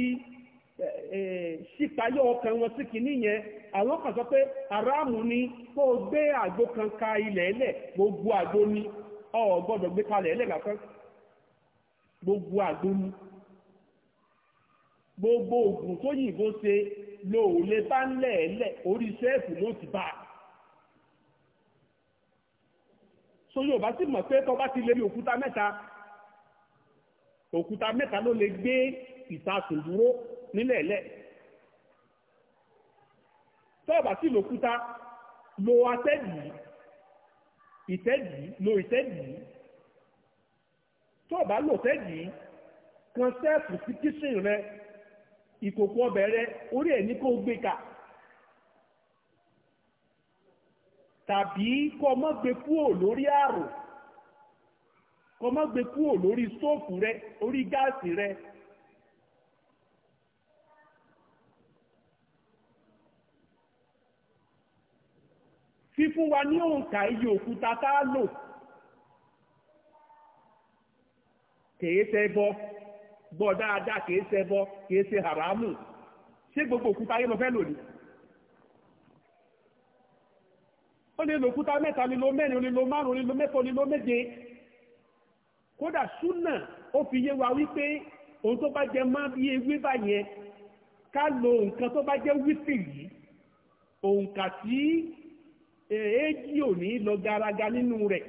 ṣípayọ́ ọkàn wọn sí kìíní yẹn àwọn kan sọ pé aráàmù ni kó gbé kan ka ilẹ̀ ẹlẹ̀ gbogbo àgbo ni o gbọ́dọ̀ gbé kalẹ̀ gbogbo àgbo gbogbo oògùn tó yìnbó ṣe lo òòlé bá ń lẹ̀ ẹlẹ̀ orí sẹ́ẹ̀fù ló ti bá a. so yóò bá sì mọ̀ pé ti lè rí òkúta mẹ́ta òkúta mẹ́ta ló lè nílẹ̀ẹ́lẹ̀ tọ́ọ̀bà sí lòkúta lo atẹ́dì ìtẹ́dì lo ìtẹ́dì tọ́ọ̀bà lo tẹ́dì kan sẹ́ẹ̀fù sí kíṣìn rẹ ìkòkò ọbẹ̀ rẹ orí ẹ̀ ní kó gbé ka tàbí kọ mọ́ gbé kúò lórí ààrò kọ mọ́ gbé kúò lórí stóòfù rẹ orí gáàsì rẹ fífún wa ní òǹkà iye òkúta tá a lò kèé ṣẹbọ gbọ́ dáadáa kèé ṣẹbọ kèé haramu ṣé gbogbo òkúta ayé lọ fẹ́ lò ní. ó lè lo òkúta mẹ́ta lílo mẹ́rin ó lè lo márùn ó lè mẹ́fọ́ ó méje kódà súnà ó fi yé wa wípé ohun tó bá jẹ mọ́ bí ewé báyẹn ká lo nǹkan tó bá jẹ́ wípé yìí òǹkà tí èéjì ò ní lọ garaga nínú rẹ̀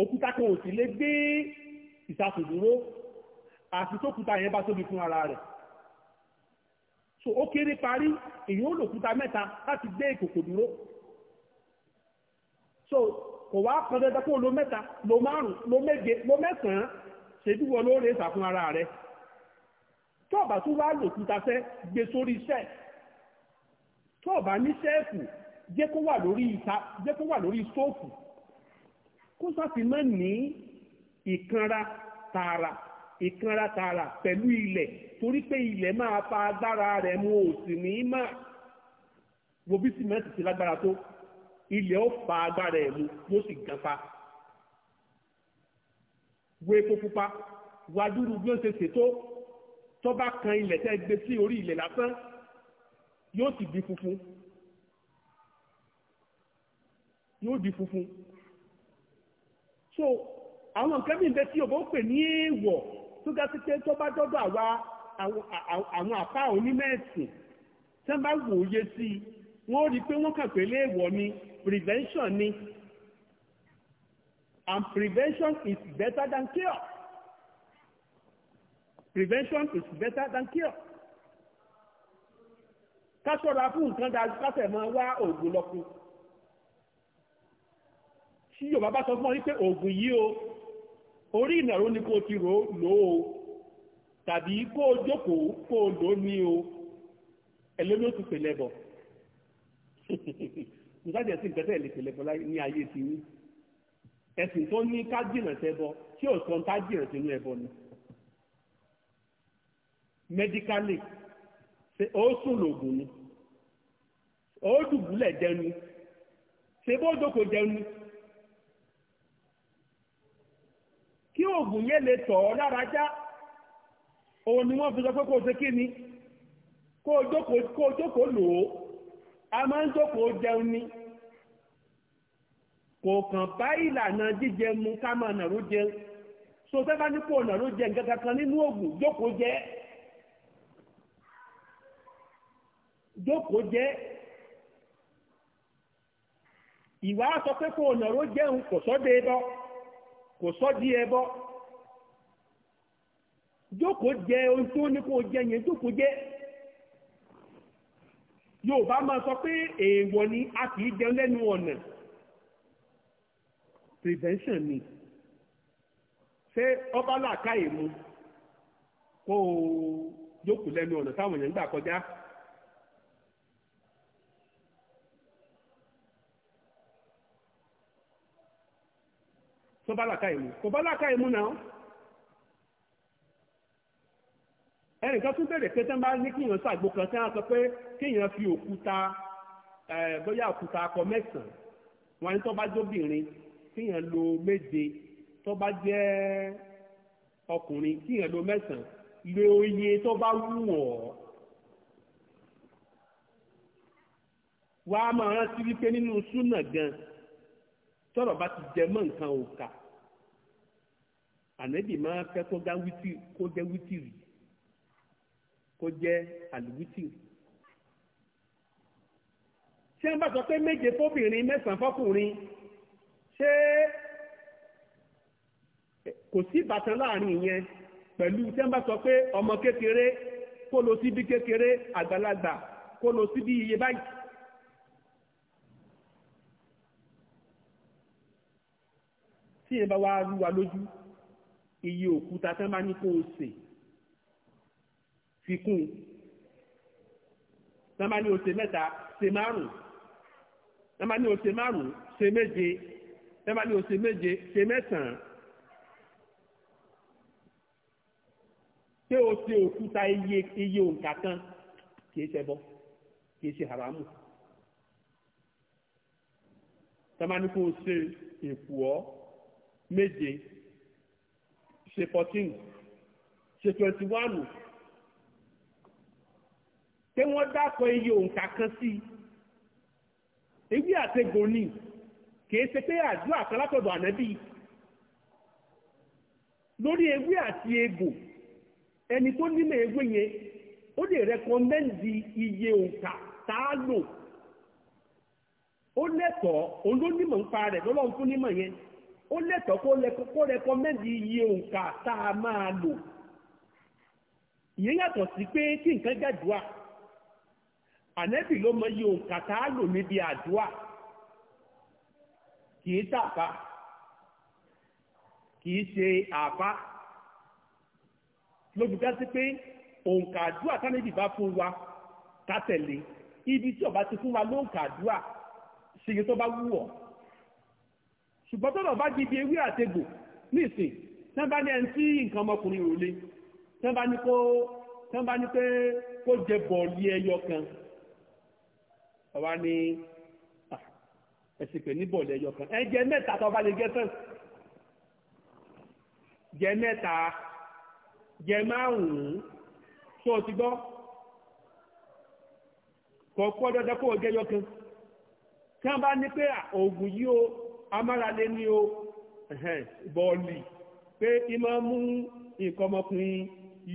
òkúta kan ò sì lè gbé ìsàkùdúró àti tókúta yẹn bá tóbi fún ara rẹ̀ so ó kéré parí èyí ó lòkúta mẹ́ta láti gbé ìkòkò dúró so kò wá pọn dandan kó lo mẹ́ta lo márùn lo méje lo mẹ́sàn-án ṣèdúwọ lóore ìsàkùn ara rẹ̀ tó o bá tún wá lòkúta fẹ́ gbé sórí iṣẹ́ tó o bá ní ṣẹ́ẹ̀fù jẹ́ kó wà lórí ìta jẹ́ kó wà lórí stóòfù kó sáfì má ní ìkanra tààrà ìkanra tààrà pẹ̀lú ilẹ̀ torí pé ilẹ̀ máa fa agbára rẹ̀ mu ò sì ní í mà wo bí sìmẹ́ǹtì ti lágbára tó ilẹ̀ ó fa agbára ẹ̀ mu yóò sì gan pa wo epo pupa wàdúrú bí ó ṣe ṣètò tó bá kan ilẹ̀ tẹ́ gbé sí orí ilẹ̀ lásán yóò sì di funfun yóò di funfun so àwọn nǹkan bí nbẹ tí o bá ń pè ní èèwọ̀ tó ga pípé tó bá dọ́dọ̀ àwa àwọn àpá onímẹ̀sìn tí wọ́n bá wòye sí i wọ́n rí i pé wọ́n kàn pé léèwọ̀ ni prevention ni and prevention is better than cure prevention is better than cure ká ṣọ́ra fún nǹkan dájú ká fẹ̀ máa wá oògùn lọ́kùnrin tí Yorùbá bá sọ fún ọ wípé oògùn yìí o orí ìnàró ni kò ti rò lò ó tàbí kó o jókòó kó o lò ó ní o ẹlẹ́ni ó tún pè lẹ́bọ̀ nígbàdìyàn sí nǹkan tẹ̀ lè pè lẹ́bọ̀ ní ayé ti ní ẹ̀sìn tó ní ká jìnà sẹ́bọ tí ò sọ ká jìnà sínú ẹbọ ni mẹdíkálì ó sùn lògùn ni ó dùbúlẹ̀ jẹnu ṣe bó jókòó jẹnu. tí oògùn yẹn lè tọ̀ ọ́ lára já òun ni wọ́n fi sọ pé kó o ṣe kí ni o jókòó lò ó a máa ń jókòó jẹun ni kò kàn bá ìlànà jíjẹ mu ká máa nàró jẹun so sẹ́fà ní kó o nàró jẹ nǹkan kankan nínú oògùn jókòó kò sọ di ẹbọ jókòó jẹ ohun tó ní kó jẹ yẹn jókòó jẹ Yorùbá máa sọ pé èèwọ̀ ni a kì í jẹun lẹ́nu ọ̀nà prevention ni ṣé ọba làákàyè mu kó o jókòó lẹ́nu ọ̀nà táwọn èèyàn gbà kọjá. tó bá làkà ìmú kò bá làkà ìmú náà ẹnìkan tún bẹ̀rẹ̀ pé tẹ́ bá ní kíyàn sàgbó kan tẹ́ wọ́n sọ pé kíyàn fi òkúta bóyá òkúta akọ mẹ́sàn-án wọn ni tó bá jóbìnrin kíyàn lo méje tó bá jẹ́ ọkùnrin kíyàn lo mẹ́sàn-án lo iye tó bá wù ọ́. wàá máa rántí wípé nínú súnà gan tọ́rọ̀ bá ti jẹ mọ́ nǹkan òkà ànábì máa fẹ́ kó gá wítì kó jẹ́ wítìrì kó jẹ́ àlùwítìrì. ṣé ń bá sọ pé méje fóbìnrin mẹ́sàn-án fọ́kùnrin ṣé kò sí ìbátan láàrin ìyẹn pẹ̀lú ṣé ń bá sọ pé ọmọ kékeré kó lọ síbi kékeré àgbàlagbà kó lọ síbi iye báyìí. tí yẹn bá wá rú wa lójú iye òkúta tán bá ní kó o sè fi kún tán bá ní o sè mẹ́ta sè márùn tán bá ní o sè márùn sè méje tán bá ní o sè méje sè mẹ́sàn-án pé o sè òkúta iye iye òǹkà kan kìí ṣe bọ kìí ṣe haramu tán bá ní kó o sè èkùọ́ méje ṣe fourteen ṣe twenty one pé wọ́n dákọ̀ iye òǹkà kan sí i ewé àtẹ̀gbò ni kìí ṣe pé àdúrà kan látọ̀dọ̀ ànábì lórí ewé àti egbò ẹni tó nílò ewé yẹn ó lè rẹkọmẹ́ndì iye òǹkà tá a lò ó lẹ́tọ̀ọ́ òun ló nímọ̀ nípa rẹ̀ lọ́lọ́run fún nímọ̀ yẹn ó lẹ́tọ̀ọ́ kó lẹ́kọ́ rẹkọmẹ́ndì iye òǹkà tá a máa lò ìyẹn yàtọ̀ sí pé kí nǹkan gbàdúrà ànẹ́bì ló mọ iye òǹkà tá a lò níbi àdúrà kì í tàpá kì í ṣe àbá lóbi dá sí pé òǹkà àdúrà tánẹ́bì bá fún wa ká tẹ̀lé ibi tí ọba ti fún wa lóǹkà àdúrà ṣe iye tó bá wù ṣùgbọ́n tọ́lọ̀ bá di ibi ewé àtegbò nísìn tán bá ní ẹni tí nǹkan ọmọkùnrin ò le tán bá ní kó tán bá ní pé kó jẹ bọ̀ọ̀lì ẹyọ kan ọba ní ẹ̀sìn pè ní bọ̀ọ̀lì ẹyọ kan ẹ jẹ mẹ́ta tó bá lè gẹ́ tán jẹ mẹ́ta jẹ márùn-ún tó ti gbọ́ kọ̀ọ̀kọ́ dandan kó o jẹ ẹyọ kan tí bá ní pé oògùn yìí o amárale ni o bọ́ọ̀lì pé ìmọ̀ mú nǹkan ọmọkùnrin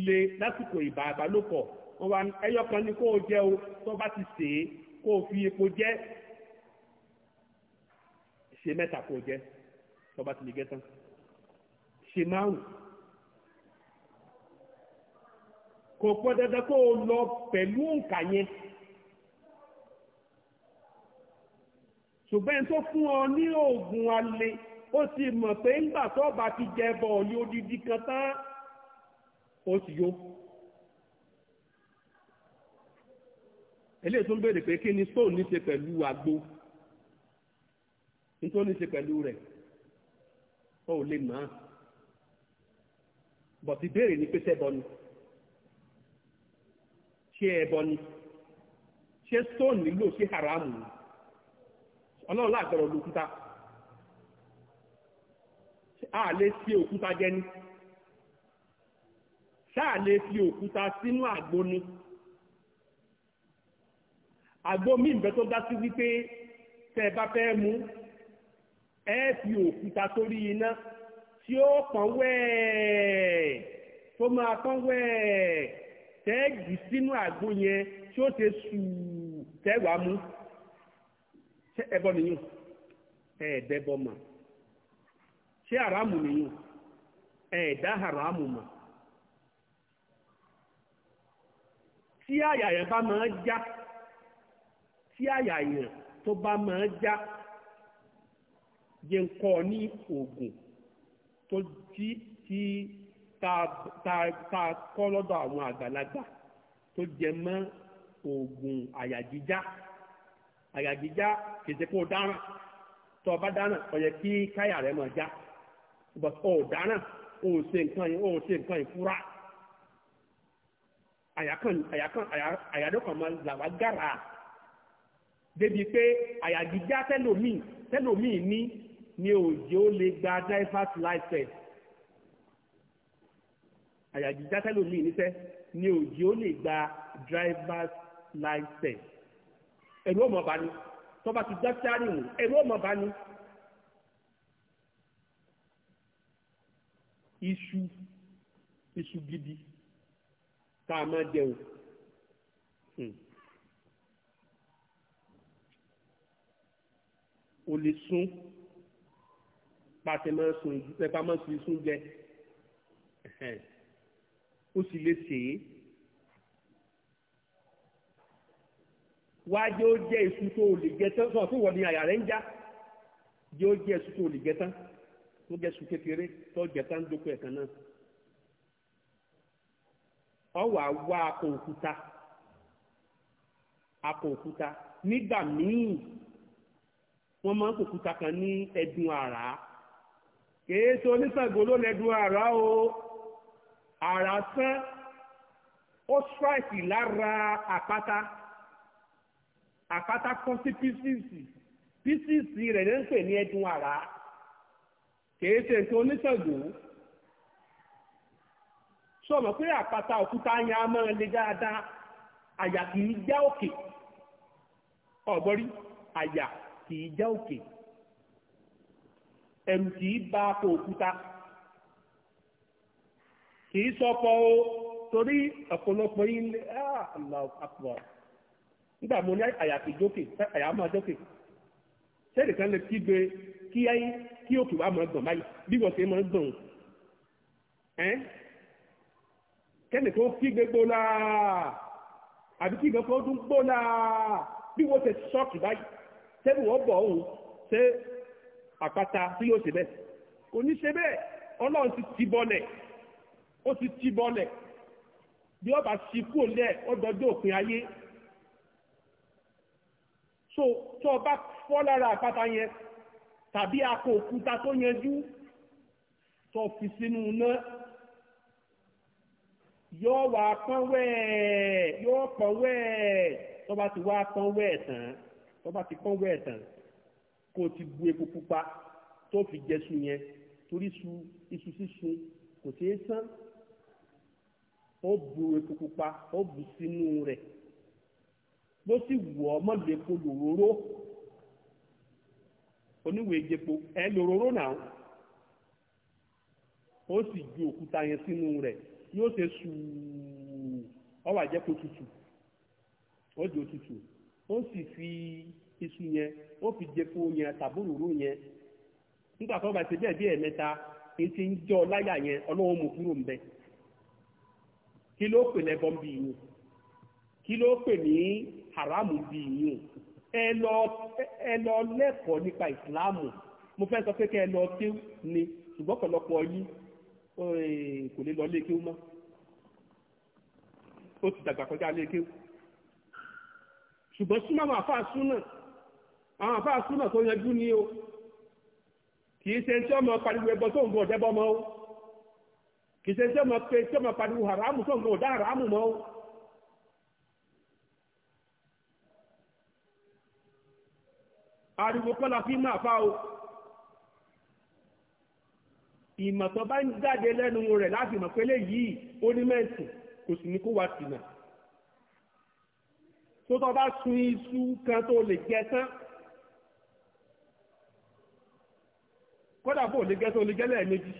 le lásìkò ìbà àbálòpọ̀ wọn wá ẹyọ kan ni kó o jẹ o tó bá ti sè é kó o fi epo jẹ ṣe mẹ́ta kó o jẹ tó bá ti lè gẹ tán ṣe márùn kò pọ̀ dandan kó o lọ pẹ̀lú òǹkà yẹn. ṣùgbọ́n tó fún ọ ní oògùn alẹ́ ó ti mọ̀ pé ńgbà tó bá ti jẹ bọ̀ọ̀lì odidi kan tán ó ti yó. eléyìí tó ń béèrè pé kí ni stone ní ṣe pẹ̀lú àgbo nítorí ní ṣe pẹ̀lú rẹ̀ ó lè mọ̀ án bọ̀t ìbéèrè pé ṣẹbọ ni ṣé ẹbọ ni ṣé stone nílò ṣé haramu ni ọlọ́run láàgbọ̀rọ̀ lu òkúta a lè fi òkúta jẹ ní sáà lè fi òkúta sínú àgbo ni àgbo míì bẹ tó dá sí wípé tẹ ẹ bá fẹ́ mú ẹ fi òkúta sórí iná tí ó pọ̀n wẹ́ẹ̀ tó máa pọ̀n wẹ́ẹ̀ tẹ́ẹ̀gì sínú àgbo yẹn tí ó ti sùn tẹ́wàá mú. ṣé ẹbọ nìyẹn ẹ̀ẹ́dẹ́bọ ma. ṣé àràmù nìyẹn ẹ̀ẹ́dá àràmù mà tí àyà yẹn bá máa já tí àyà yẹn tó bá máa já yẹn kọ́ ní oògùn tó jí tí ta kọ́ lọ́dọ̀ àwọn àgbàlagbà tó jẹ mọ́ àyà jíjá kìí ṣe kó dáràn tó o bá dáràn ó yẹ kí káyà rẹ máa já but ó dáràn ó ṣe nǹkan yìí ó ṣe nǹkan yìí fúra àyà kan àyà kan àyà ló kàn máa là wá gàrà débi pé àyà jíjá tẹlómìn tẹlómìn ní ni òjò lè gba driver's license àyà jíjá tẹlómìn níṣẹ́ ni òjò lè gba driver's license ẹ̀rú ọmọ bá ní tọ́ba ti já sáré wò ẹ̀rú ọmọ bá ní. iṣu iṣu gidi tá a máa jẹun hmm. o lè sún pàṣẹ máa sun ìdúpẹ́ pa máa sun iṣu jẹ o sì lè sèé. wá jẹ́ ó jẹ́ o tó lè jẹ tán sọ fún ìwọ̀nì àyà rẹ̀ ń já jẹ́ ó jẹ́ èso tó lè jẹ tán tó jẹ́ èso kékeré tó jẹ tán dókò ẹ̀kan náà. ọwọ́ àwa akọ òkúta akọ òkúta nígbà míì wọ́n máa ń kó òkúta kan ní ẹ̀dùn àrá kèé so onísàgbò ló lẹ́dùn o ara sán ó ṣáìsì lára àpáta. àpáta kọ́ sí písìsì písìsì rẹ̀ ló ń pè ní ẹdun àrá kìí ṣe nǹkan oníṣègùn sọ̀rọ̀ pé àpáta òkúta yẹn á máa le dáadáa àyà kìí já òkè ọ̀gbọ́rí àyà kìí já òkè ẹ̀rù kìí ba akọ òkúta kìí sọpọ̀ o torí ọ̀pọ̀lọpọ̀ yín lé ah Allah akbar nígbà mo ní àyàfi jókè àyà máa jókè sẹ́ẹ̀dì kan lè kígbe kí ayé kí òkè wa máa gbọ̀n báyìí bí wọ́n ṣe máa gbọ̀n ẹ́ kẹ́ni tó kígbe gbólà àbí kígbe kó dún gbólà bí wọ́n ṣe ṣọ́ọ̀kì báyìí sẹ́ẹ̀dì wọ́n bọ̀ ọ̀hún ṣé àpáta tí yóò ṣe bẹ́ẹ̀ kò ní ṣe bẹ́ẹ̀ ọlọ́run ti ti bọ́lẹ̀ ó ti ti bọ́lẹ̀ bí ọba ṣikú lẹ̀ ó dọjọ́ òpin ayé so tó o bá fọ́ lára àpáta yẹn tàbí akọ òkúta tó yanjú tó fi sínú náà yóò wá pọ́n wẹ́ẹ̀ yóò pọ́n wẹ́ẹ̀ tó bá ti wá pọ́n wẹ́ẹ̀ tán tó bá ti pọ́n wẹ́ẹ̀ tán kó o ti bu epo pupa tó fi jẹ́sù yẹn torí su iṣu sísun kò sí é sán ó bu epo pupa ó bu sínú rẹ̀. bó sì wù ọ́ mọ̀lẹ́po lòróró oníwèé jẹpo ẹ lòróró náà ó sì ju òkúta yẹn sínú rẹ yóò ṣe sùúrù ó wá kó tutù ó di òtútù ó sì fi iṣu yẹn ó fi jẹpo yẹn tàbí yẹn nígbà tó bá bẹ́ẹ̀ bí ń jọ láyà yẹn ọlọ́wọ́ mú kúrò ń bẹ kí ló pè lẹ́bọ̀n yìí haramu bí yín ẹ lọ ẹ lọ lẹ́kọ̀ọ́ nípa ìsìláàmù mo fẹ́ sọ pé kẹ́ ẹ lọ kéw ni ṣùgbọ́n pọ̀lọpọ̀ yín eh, kò lè lọ lé mọ́ ó ti dàgbà kọjá lé kéw ṣùgbọ́n súnmọ́ àwọn àfáà súnà àwọn àfáà tó yanjú ni o kì í ṣe tí ọmọ pariwo tó ń ariwo kọ́ la fi máa fa o ìmọ̀ tó bá ń jáde lẹ́nu rẹ̀ láti mọ̀ pé léyìí ó ní mẹ́ǹtì kò sì ní kó wa tìnà tó tọ́ bá sun iṣu kan tó lè jẹ tán kódà bó lè jẹ tó lè jẹ lẹ́ẹ̀mejì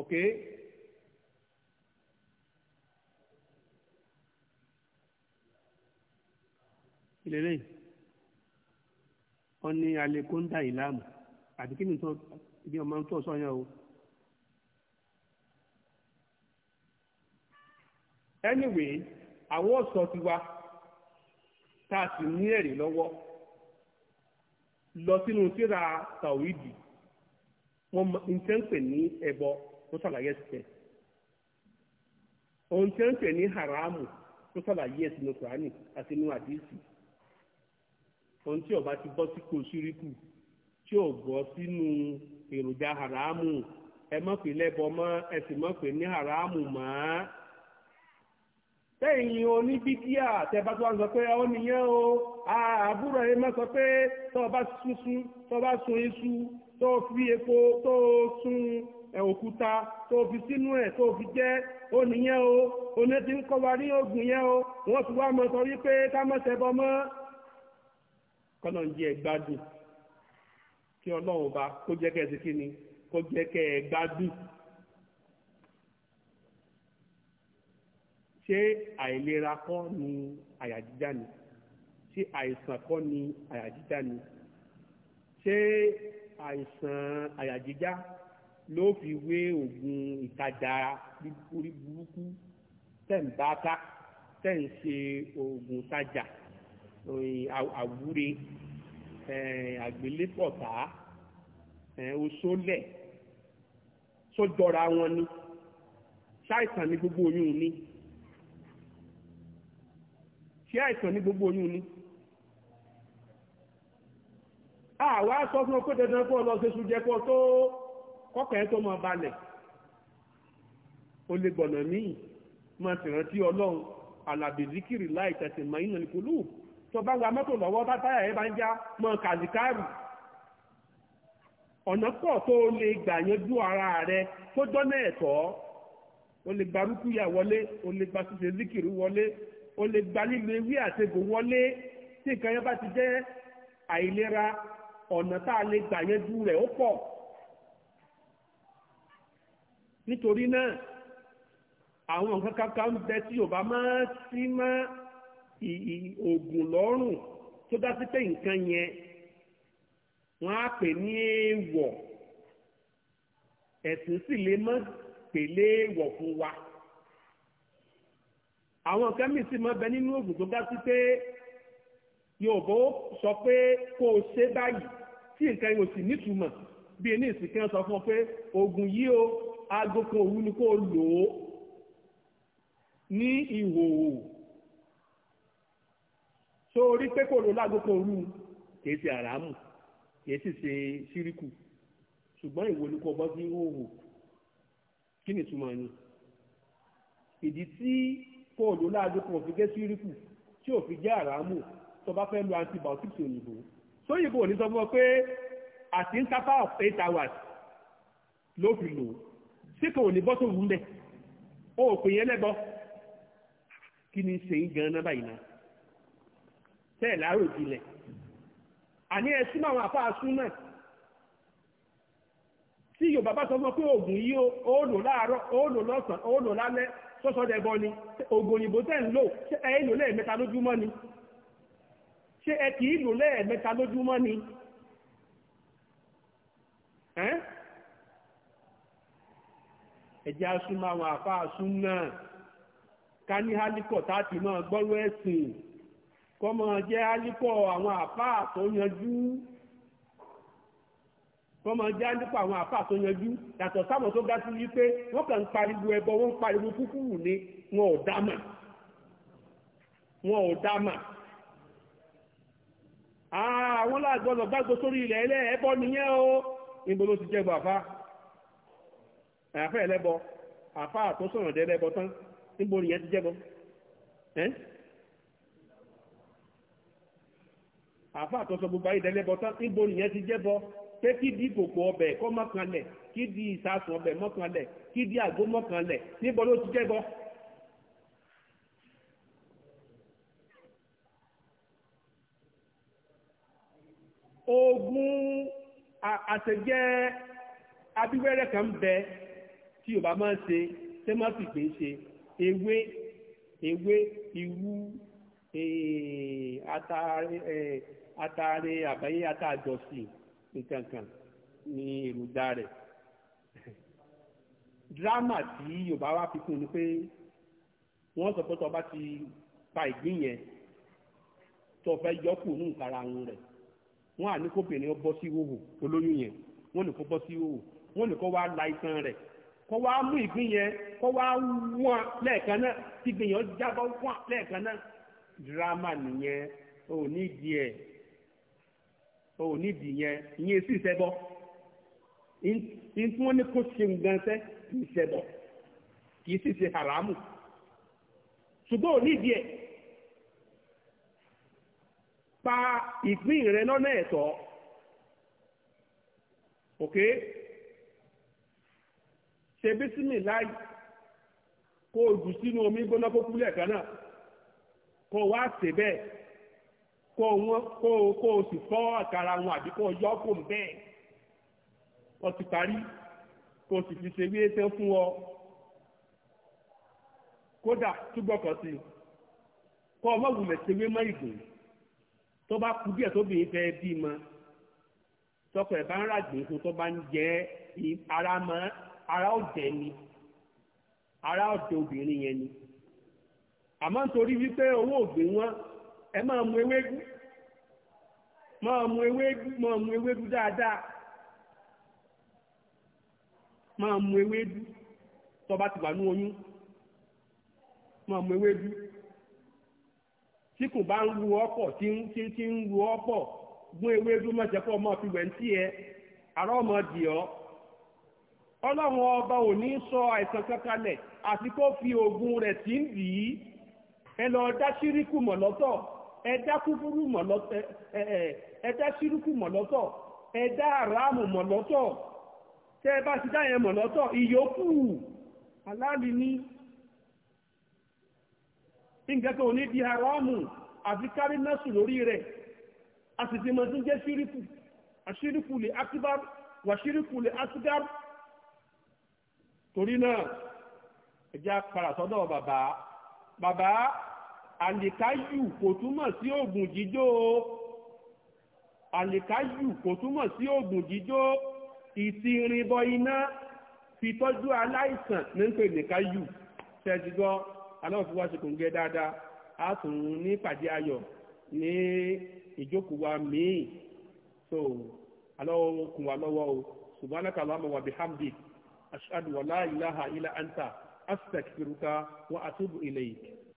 ok ilé lẹ́yìn wọ́n ní alẹ́ kó ń dà yìí láàmú àbí kí ni tó ibi ọmọ tó sọ yẹn o. anyway àwọn ọ̀sọ̀ ti wa tá a sì ní ẹ̀rí lọ́wọ́ lọ sínú síra tàwídì wọn n tẹ́ ń pè ní ẹ̀bọ tó ṣàlàyé sílẹ̀ ohun tẹ́ ń pè ní haramu tó ṣàlàyé sínú kùránì àti inú àdìsí ohun tí ó bá ti bọ́ sípò ṣíríkù tí ò bọ́ sínú èròjà haramu ẹ má pè lẹ́bọ mọ́ ẹ sì má pè ní haramu mọ́ tẹ́yìn oníbíkíà tẹ́bá tó wá sọ pé ó nìyẹn o àbúrò ẹ má sọ pé tó bá sunsun tó bá sun iṣu tó fi epo tó sun òkúta tó fi sínú ẹ̀ tó fi jẹ́ ó nìyẹn o oní ti ń kọ́ wa ní oògùn yẹn o wọ́n ti wá mọ sọ wípé ká má ṣẹbọ mọ́ kọ́nà ń jẹ́ ẹ gbádùn kí ọlọ́run bá kó jẹ́ kẹ́ ẹ sí kí ni kó jẹ́ kẹ́ ẹ gbádùn. ṣé àìlera kọ́ ni àyà jíjá ni ṣé àìsàn kọ́ ni àyà jíjá ni ṣé àìsàn àyà jíjá ló fi wé oògùn ìtajà orí burúkú tẹ̀ ń bá ká tẹ̀ ń ṣe oògùn tajà àwúre eh, àgbélépọ̀tà eh, oṣólẹ̀ sójọra wọn ni ṣáìsàn ní gbogbo oyún ni ṣé àìsàn ní gbogbo oyún ni àwa sọ fún ọ pé dandan kó lọ ṣe sùjẹpọ tó kọkàn ẹ tó máa balẹ̀ o lè gbọ̀nà míì máa tìrántí ọlọ́run alàbèzíkìrì láì tẹ̀sìn máa ń nà ní kúlúù tó bá ń ra mọ́tò lọ́wọ́ bá táyà ẹ bá ń já mọ́ kàzíkárù ọ̀nà pọ̀ tó lè gbà yanjú ara rẹ tó jọ́nà ẹ̀tọ́ o lè gba rúkúyà wọlé o lè gba ṣíṣe zikiri wọlé o lè gba lílo ewé àtẹ̀gùn wọlé tí nǹkan yẹn bá ti jẹ́ àìlera ọ̀nà tá a lè gbà yanjú rẹ̀ ó pọ̀ nítorí náà àwọn nǹkan kankan ń bẹ tí yorùbá máa ń sí máa oògùn lọ́rùn tó dá sí pé nǹkan yẹn wọ́n á pè ní èèwọ̀ ẹ̀sìn sì lè mọ́ pèlè èèwọ̀ fún wa àwọn nǹkan mìíràn sì mọ́ bẹ nínú oògùn tó dá sí pé Yorùbá sọ pé kó o ṣe báyìí tí nǹkan yóò sì nítumọ̀ bí ní ìsìnkẹ́ sọ fún ọ pé oògùn yìí o aago kan òwú ni kó o lò ó ní ìhòòhò tó rí pé kò ló lágbókò rú kìí ṣe àràmù kìí sì ṣe síríkù ṣùgbọ́n ìwò olùkọ́ bọ́ sí òhò kí ni ìtumọ̀ ni ìdí tí kò ló lágbókò fi gé síríkù tí ò fi jẹ́ àràmù tó bá fẹ́ lo antibiotics òyìnbó sóyìnbó ò ní sọ fún ọ pé àti ń kápá of eight hours ló fi lò ó sí kò ní bọ́ tó wù ú mẹ́ o ò pè yẹn lẹ́bọ kí ni ṣe ń gan náà báyìí náà. tẹ́ láàrò ìjìnlẹ̀ àní ẹ súnmọ́ àwọn àfa súnmọ́ tí Yorùbá bá sọ fún pé oògùn yìí ó láàárọ̀ lọ́sàn lálẹ́ sọ́sọ́ ni oògùn òyìnbó tẹ́ ń lò ṣé ẹ lò lẹ́ẹ̀mẹ́ta lójúmọ́ ni ṣe ẹ kì í lò ni ẹjẹ́ asúnmọ́ àwọn àfa ká ní hálíkọ̀ tá a ti máa gbọ́rọ̀ kọ́mọ jẹ́ álípọ̀ àwọn àfáà tó yanjú kọ́mọ jẹ́ álípọ̀ àwọn àfáà tó yanjú yàtọ̀ sáwọn tó gásí wípé wọ́n kàn ń pariwo ẹbọ wọ́n ń pariwo kúkúrú ni wọn ò dámà wọn ò dámà àwọn láàgbọ́dọ̀ gbàgbọ́ sórí ilẹ̀ ẹlẹ́ ẹbọ nìyẹn o níbo ló ti jẹ́ bọ̀ àfá àfá ẹlẹ́bọ àfá àtọ́sọ̀rọ̀ dẹ́lẹ́bọ tán níbo nìyẹn ti jẹ́ bọ̀ àfa àtọ́sọ gbogbo ayé dẹ́lẹ́bọ tán níbo nìyẹn ti jẹ́bọ pé kí di kòkò ọbẹ̀ kọ́ mọ́kànlẹ̀ kí di ìsasùn ọbẹ̀ mọ́kànlẹ̀ kí di àgbo mọ́kànlẹ̀ níbo ló ti jẹ́bọ. oògùn àtẹ̀jẹ́ abíwẹ́rẹ́ kan bẹ tí Yorùbá máa ń ṣe tẹ́mọ́sì pé ń ṣe ewé ewé irú atare àbáyé atajọsí nǹkan kan ní èròjà rẹ̀ dírámà tí Yorùbá wá fi kún ni pé wọ́n sọ pé tọba ti pa ìgbín yẹn tó fẹ́ yọkù ní nǹkan ara rẹ̀ wọ́n à ní kó bìnrin ó bọ́ sí ìhòhò olóyún yẹn wọ́n ní kó bọ́ sí ìhòhò wọ́n ní kó wá la itan rẹ̀ kó wá mú ìgbín yẹn kó wá wọ́n lẹ́ẹ̀kan náà tí ìgbín wọ́n lẹ́ẹ̀kan náà drama nìyẹn o ò nídìí ẹ̀ o ò nídìí yẹn ìyẹn sì ṣẹbọ ìtún wọn ní kó ṣe nǹkan ṣẹ kì í ṣẹbọ kì í sì ṣe haramu ṣùgbọ́n ò nídìí ẹ̀ pa ìpín rẹ lọ́nà ẹ̀tọ́ òkè ṣe bísímì láì kó o jù sínú omi gbóná kó kú lẹ́ẹ̀kan náà kó o wá ṣe bẹ́ẹ̀ kó o wọn kó o kó o sì fọ́ àkàrà wọn àbí kó o yọ kó o bẹ́ẹ̀ wọ́n ti parí kó o sì fi ṣe wíyé tán fún ọ kódà túbọ̀ kàn sí kó o mọ̀ wùmẹ̀ ṣe wé mọ́ ìgbìn tó bá kú díẹ̀ tóbìnrin fẹ́ bí mọ́ tọkọ ẹ̀ bá ń ràgbìn fún tó bá ń jẹ́ ara mọ́ ara ọ̀dẹ̀ ni ara ọ̀dẹ̀ obìnrin yẹn ni. àmọ́ torí wípé owó ògbé wọn ẹ máa mu ewédú máa mu ewédú máa mu dáadáa máa tó bá ti wà ní oyún máa mu ewédú tí kò bá ń ru ọ̀pọ̀ tí ń tí ń ru gún fi wẹ̀ ń ọmọ dì ọba ò sọ àìsàn kankanlẹ̀ àti kó fi rẹ̀ tí ń ẹ lọ síríkù mọ̀ ẹ dá kúfúrú ẹ síríkù mọ̀ ẹ dá tẹ́ ẹ bá ti dá yẹn ìyókù aláàlì ní nǹkan tó ní di haramu àti kárí násù lórí rẹ̀ a sì ti mọ̀ jẹ́ síríkù àṣíríkù lè lè torí àlìkáyù kò túmọ̀ sí oògùn jíjó o àlìkáyù kò túmọ̀ sí oògùn jíjó iná fi tọ́jú aláìsàn ní ń pè nìkáyù tẹ́jú gbọ́ ṣe kò ń gẹ́ dáadáa a tún ní pàdé ayọ̀ ní ìjókòó míì so aláwọ̀ kùn wá lọ́wọ́ o subhanaka allahumma wa bihamdik ashhadu wa la ilaha illa anta astaghfiruka wa atubu